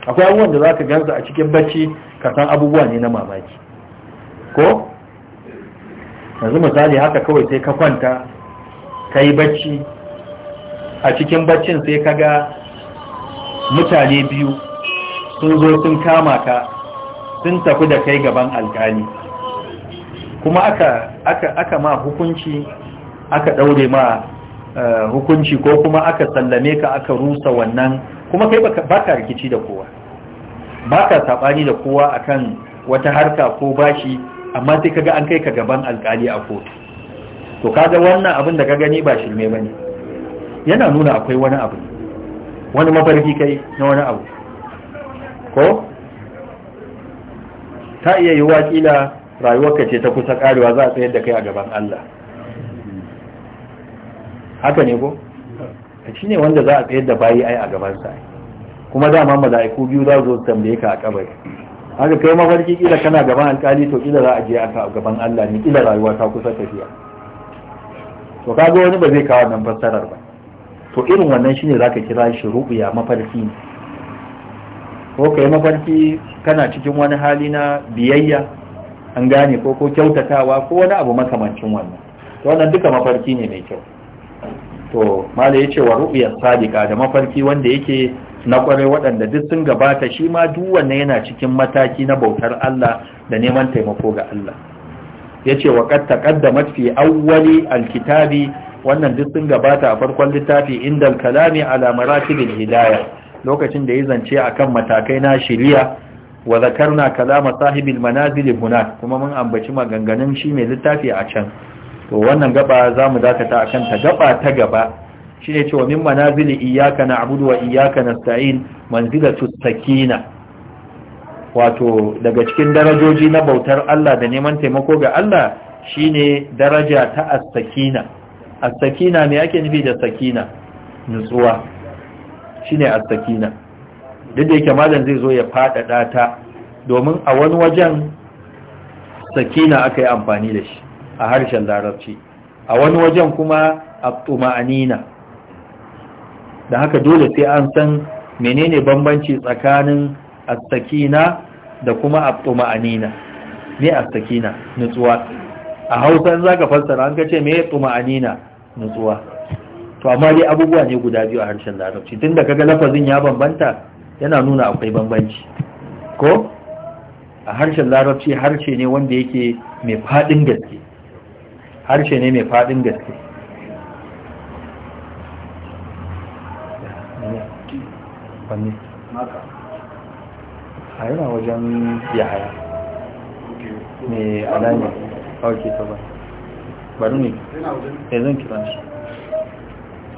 akwai abubuwan da za ka gansu a cikin bacci ka san abubuwa ne na mamaki ko yanzu misali haka kawai sai ka kwanta ka yi bacci a cikin baccin sai ka ga mutane biyu sun zo sun kama ka sun tafi da kai gaban alkali kuma aka, aka ma hukunci aka ɗaure ma eh, hukunci ko kuma aka sallame ka aka rusa wannan kuma kai baka rikici da kowa baka saɓani da kowa akan wata harka ko bashi amma sai kaga an kai ka gaban alkali a kotu to kaga wannan abin da ka gani ba shirme bane yana nuna akwai wani abu wani mafarki kai na wani abu ko ta iya yi wakila rayuwarka ce ta kusa karewa za a tsayar da kai a gaban Allah haka ne ko shi ne wanda za a tsayar da bayi ai a gaban sa kuma dama mala'iku biyu za zo tambaye ka a kabari haka kai mafarki kila kana gaban alkali to kila za a je aka gaban Allah ne kila rayuwa ta kusa tafiya to kaga wani ba zai kawo nan fassarar ba to irin wannan shine zaka kira shi rubuya mafarki ko kai mafarki kana cikin wani hali na biyayya an gane ko ko kyautatawa ko wani abu makamancin wannan to wannan duka mafarki ne mai kyau to mala ce wa ru'ya sadiqa da mafarki wanda yake na kwarai waɗanda duk sun gabata shi ma duk yana cikin mataki na bautar Allah da neman taimako ga Allah Ya ce wa qad taqaddamat fi awwali alkitabi wannan duk sun gabata a farkon littafi inda kalami ala maratibil hidayah lokacin da ya zance akan matakai na shiriya wa zakarna kalama sahibil manazil hunak kuma mun ambaci maganganun shi mai littafi a can to wannan gaba za mu dakata a kanta gaba ta gaba shi ne cewa min manazili iyaka na abudu wa iyaka na sa'in manzila sakina wato daga cikin darajoji na bautar Allah da neman taimako ga Allah shi ne daraja ta as-sakina mai ake nufi da sakina nutsuwa shi ne sakina duk da yake malam zai zo ya faɗaɗa ta domin a wani wajen sakina aka yi amfani da shi a harshen larabci a wani wajen kuma abtuma'anina da haka dole sai an san menene bambanci tsakanin astakina da kuma abtuma'anina ne astakina nutsuwa a hausa za ka fassara an kace me tuma'anina nutsuwa to amma dai abubuwa ne guda biyu a harshen larabci tunda kaga lafazin ya bambanta yana nuna akwai bambanci ko a harshen larabci harshe ne wanda yake mai faɗin gaske harshe ne mai faɗin gaske wanne a yana wajen yaya mai alami auki ta ba bari ne eh, ya zan kira shi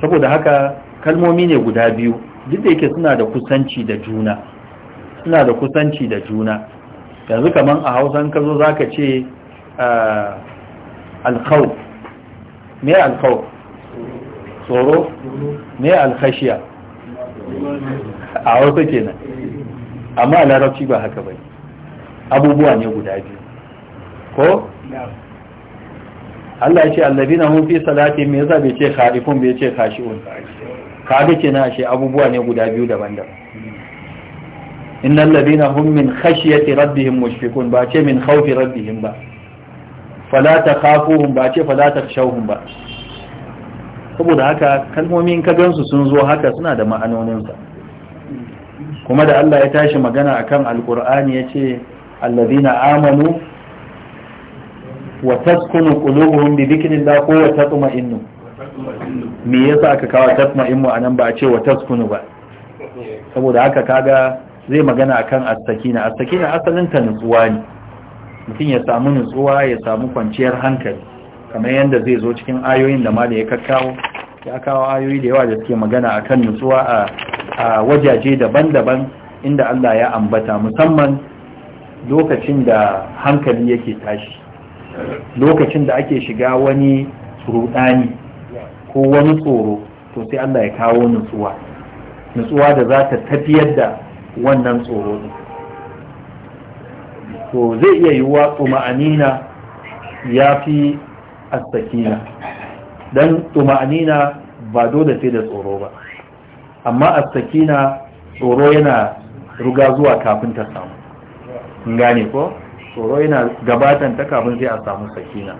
saboda haka kalmomi ne guda biyu duk da yake suna da kusanci da juna suna da kusanci da juna yanzu kaman a hausan ka zo za ka ce ah, alkhawf me alkhawf tsoro me alkhashiya a wasu kenan amma larabci ba haka bai abubuwa ne guda biyu ko Allah ya ce na hum fi me yasa bai ce kharifun bai ce khashi'un kaga kenan ashe abubuwa ne guda biyu daban-daban innal ladina hum min khashyati rabbihim mushfiqun ba ce min khawfi rabbihim ba Falata ta ba ce falata ta ba saboda haka kalmomin ka gansu sun zo haka suna da ma'anoninsa kuma da Allah ya tashi magana akan alqur'ani yace allazina amanu wa taskunu qulubuhum bi dhikrillah ko wa tatma'innu me yasa aka kawo tatma'innu anan ba a ce wa taskunu ba saboda haka kaga zai magana akan as-sakina as-sakina asalin ta nutsuwa ne mutum ya samu nutsuwa ya samu kwanciyar hankali kamar yadda zai zo cikin ayoyin da mali ya kakkawo ya kawo ayoyi da yawa da suke magana a kan nutsuwa a wajaje daban-daban inda Allah ya ambata musamman lokacin da hankali yake tashi lokacin da ake shiga wani rudani ko wani tsoro to sai Allah ya kawo nutsuwa nutsuwa da za ta tafiyar da wannan tsoro to zai iya yiwuwa tsuma'anina ya fi astakina don tsuma'anina ba dole sai da tsoro ba amma astakina tsoro yana ruga zuwa kafin ta samu gane ko tsoro yana gabatan ta kafin sai a samu sakina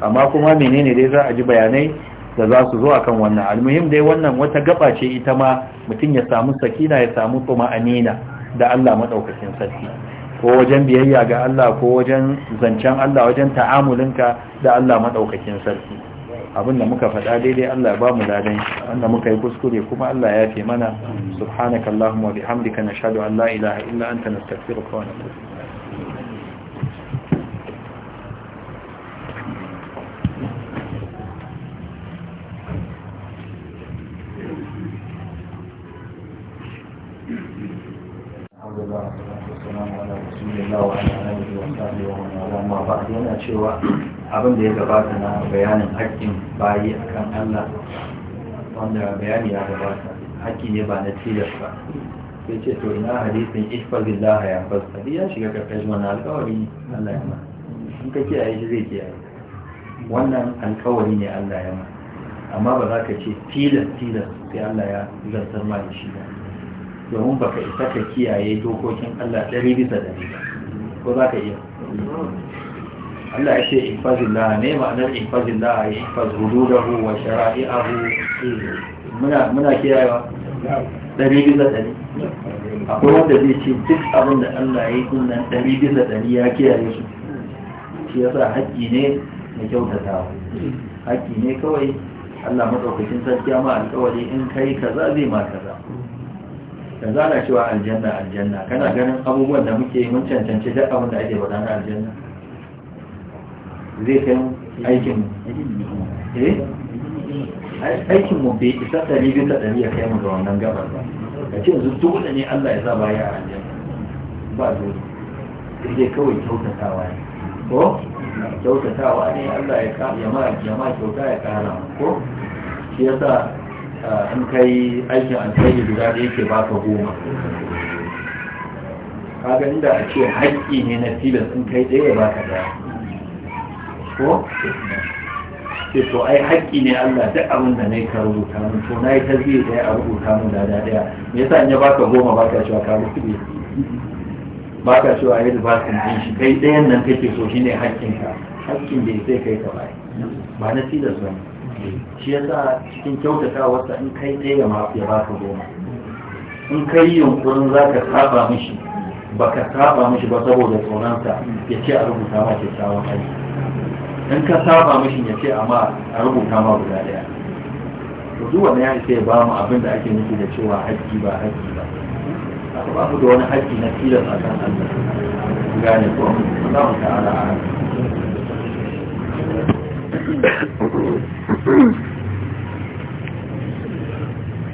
amma kuma menene dai za a ji bayanai da za su zo kan wannan almuhim dai wannan wata gaba ce ita ma mutum ya samu sakina ya samu tsuma'anina da Allah maɗaukacin sarki ko wajen biyayya ga Allah ko wajen zancen Allah wajen ta'amulinka da Allah madaukakin sarki abin da muka faɗa daidai Allah ba mu ladan wanda muka yi kuskure kuma Allah ya fi mana subhanakallahumma wa bihamdika nashhadu an la ilaha illa anta nastaghfiruka wa natubu yana cewa abin da ya gabata na bayanin haƙƙin bayi akan Allah wanda bayani ya gabata haƙƙi ne ba na tilasta. sai ce to ina hadisin ihfazillah ya fasta ya shiga karkashin wani alƙawari Allah ya ma in ka kiyaye shi zai kiyaye wannan alƙawari ne Allah ya ma amma ba za ka ce tilas tilas sai Allah ya zartar ma da shi ba domin baka isa ka kiyaye dokokin Allah ɗari bisa ɗari ko za ka iya Allah ya ce la ne ma'anar la ya da hududahu wa a muna muna kiyayewa ɗari bisa ɗari akwai wanda zai ce duk abin da Allah ya yi sunan ɗari bisa ɗari ya kiyaye su shi sa haƙƙi ne na kyautata. haƙƙi ne kawai Allah maɗaukakin sarki ma alƙawari in kai kaza zai ma kaza yanzu ana cewa aljanna aljanna kana ganin abubuwan da muke mun cancanci duk abin da ake faɗa na aljanna zai kai aikin eh aikin mu bai isa ɗari ta ɗari ya kai mu ga wannan gabar ba ka ce yanzu dole ne Allah ya sa baya a aljanna ba dole sai dai kawai kyautatawa ne ko kyautatawa ne Allah ya ma kyauta ya kara ko shi yasa in ka yi aikin alkhairi guda da yake ba ka goma ka gani da a ce haƙƙi ne na filin in kai ɗaya ba ka ɗaya ko ce to ai haƙƙi ne Allah duk abin da nai ka rubuta min to na yi ta zai ɗaya a rubuta min da da ɗaya me yasa in ya ka goma ba ka cewa ka rubuta ba ka cewa yadda ba ka ɗin shi kai ɗayan nan kake so shi ne haƙƙinka haƙƙin da ya sai kai ka bai ba na tilas ba ne shi yasa cikin kyautata wasa in kai ɗaya ya mafi ya baka goma in kai yunkurin za ka saba mishi ba ka saba mishi ba saboda tsoronsa ya ce a rubuta ma ke tsawon aiki in ka saba mishi ya ce amma a rubuta ma guda ɗaya to duk wannan ya isa ya ba mu abin da ake nufi da cewa haƙƙi ba haƙƙi ba ba ku da wani haƙƙi na tilas a kan Allah gane ko Allah ta'ala a haƙƙi Mm-hmm.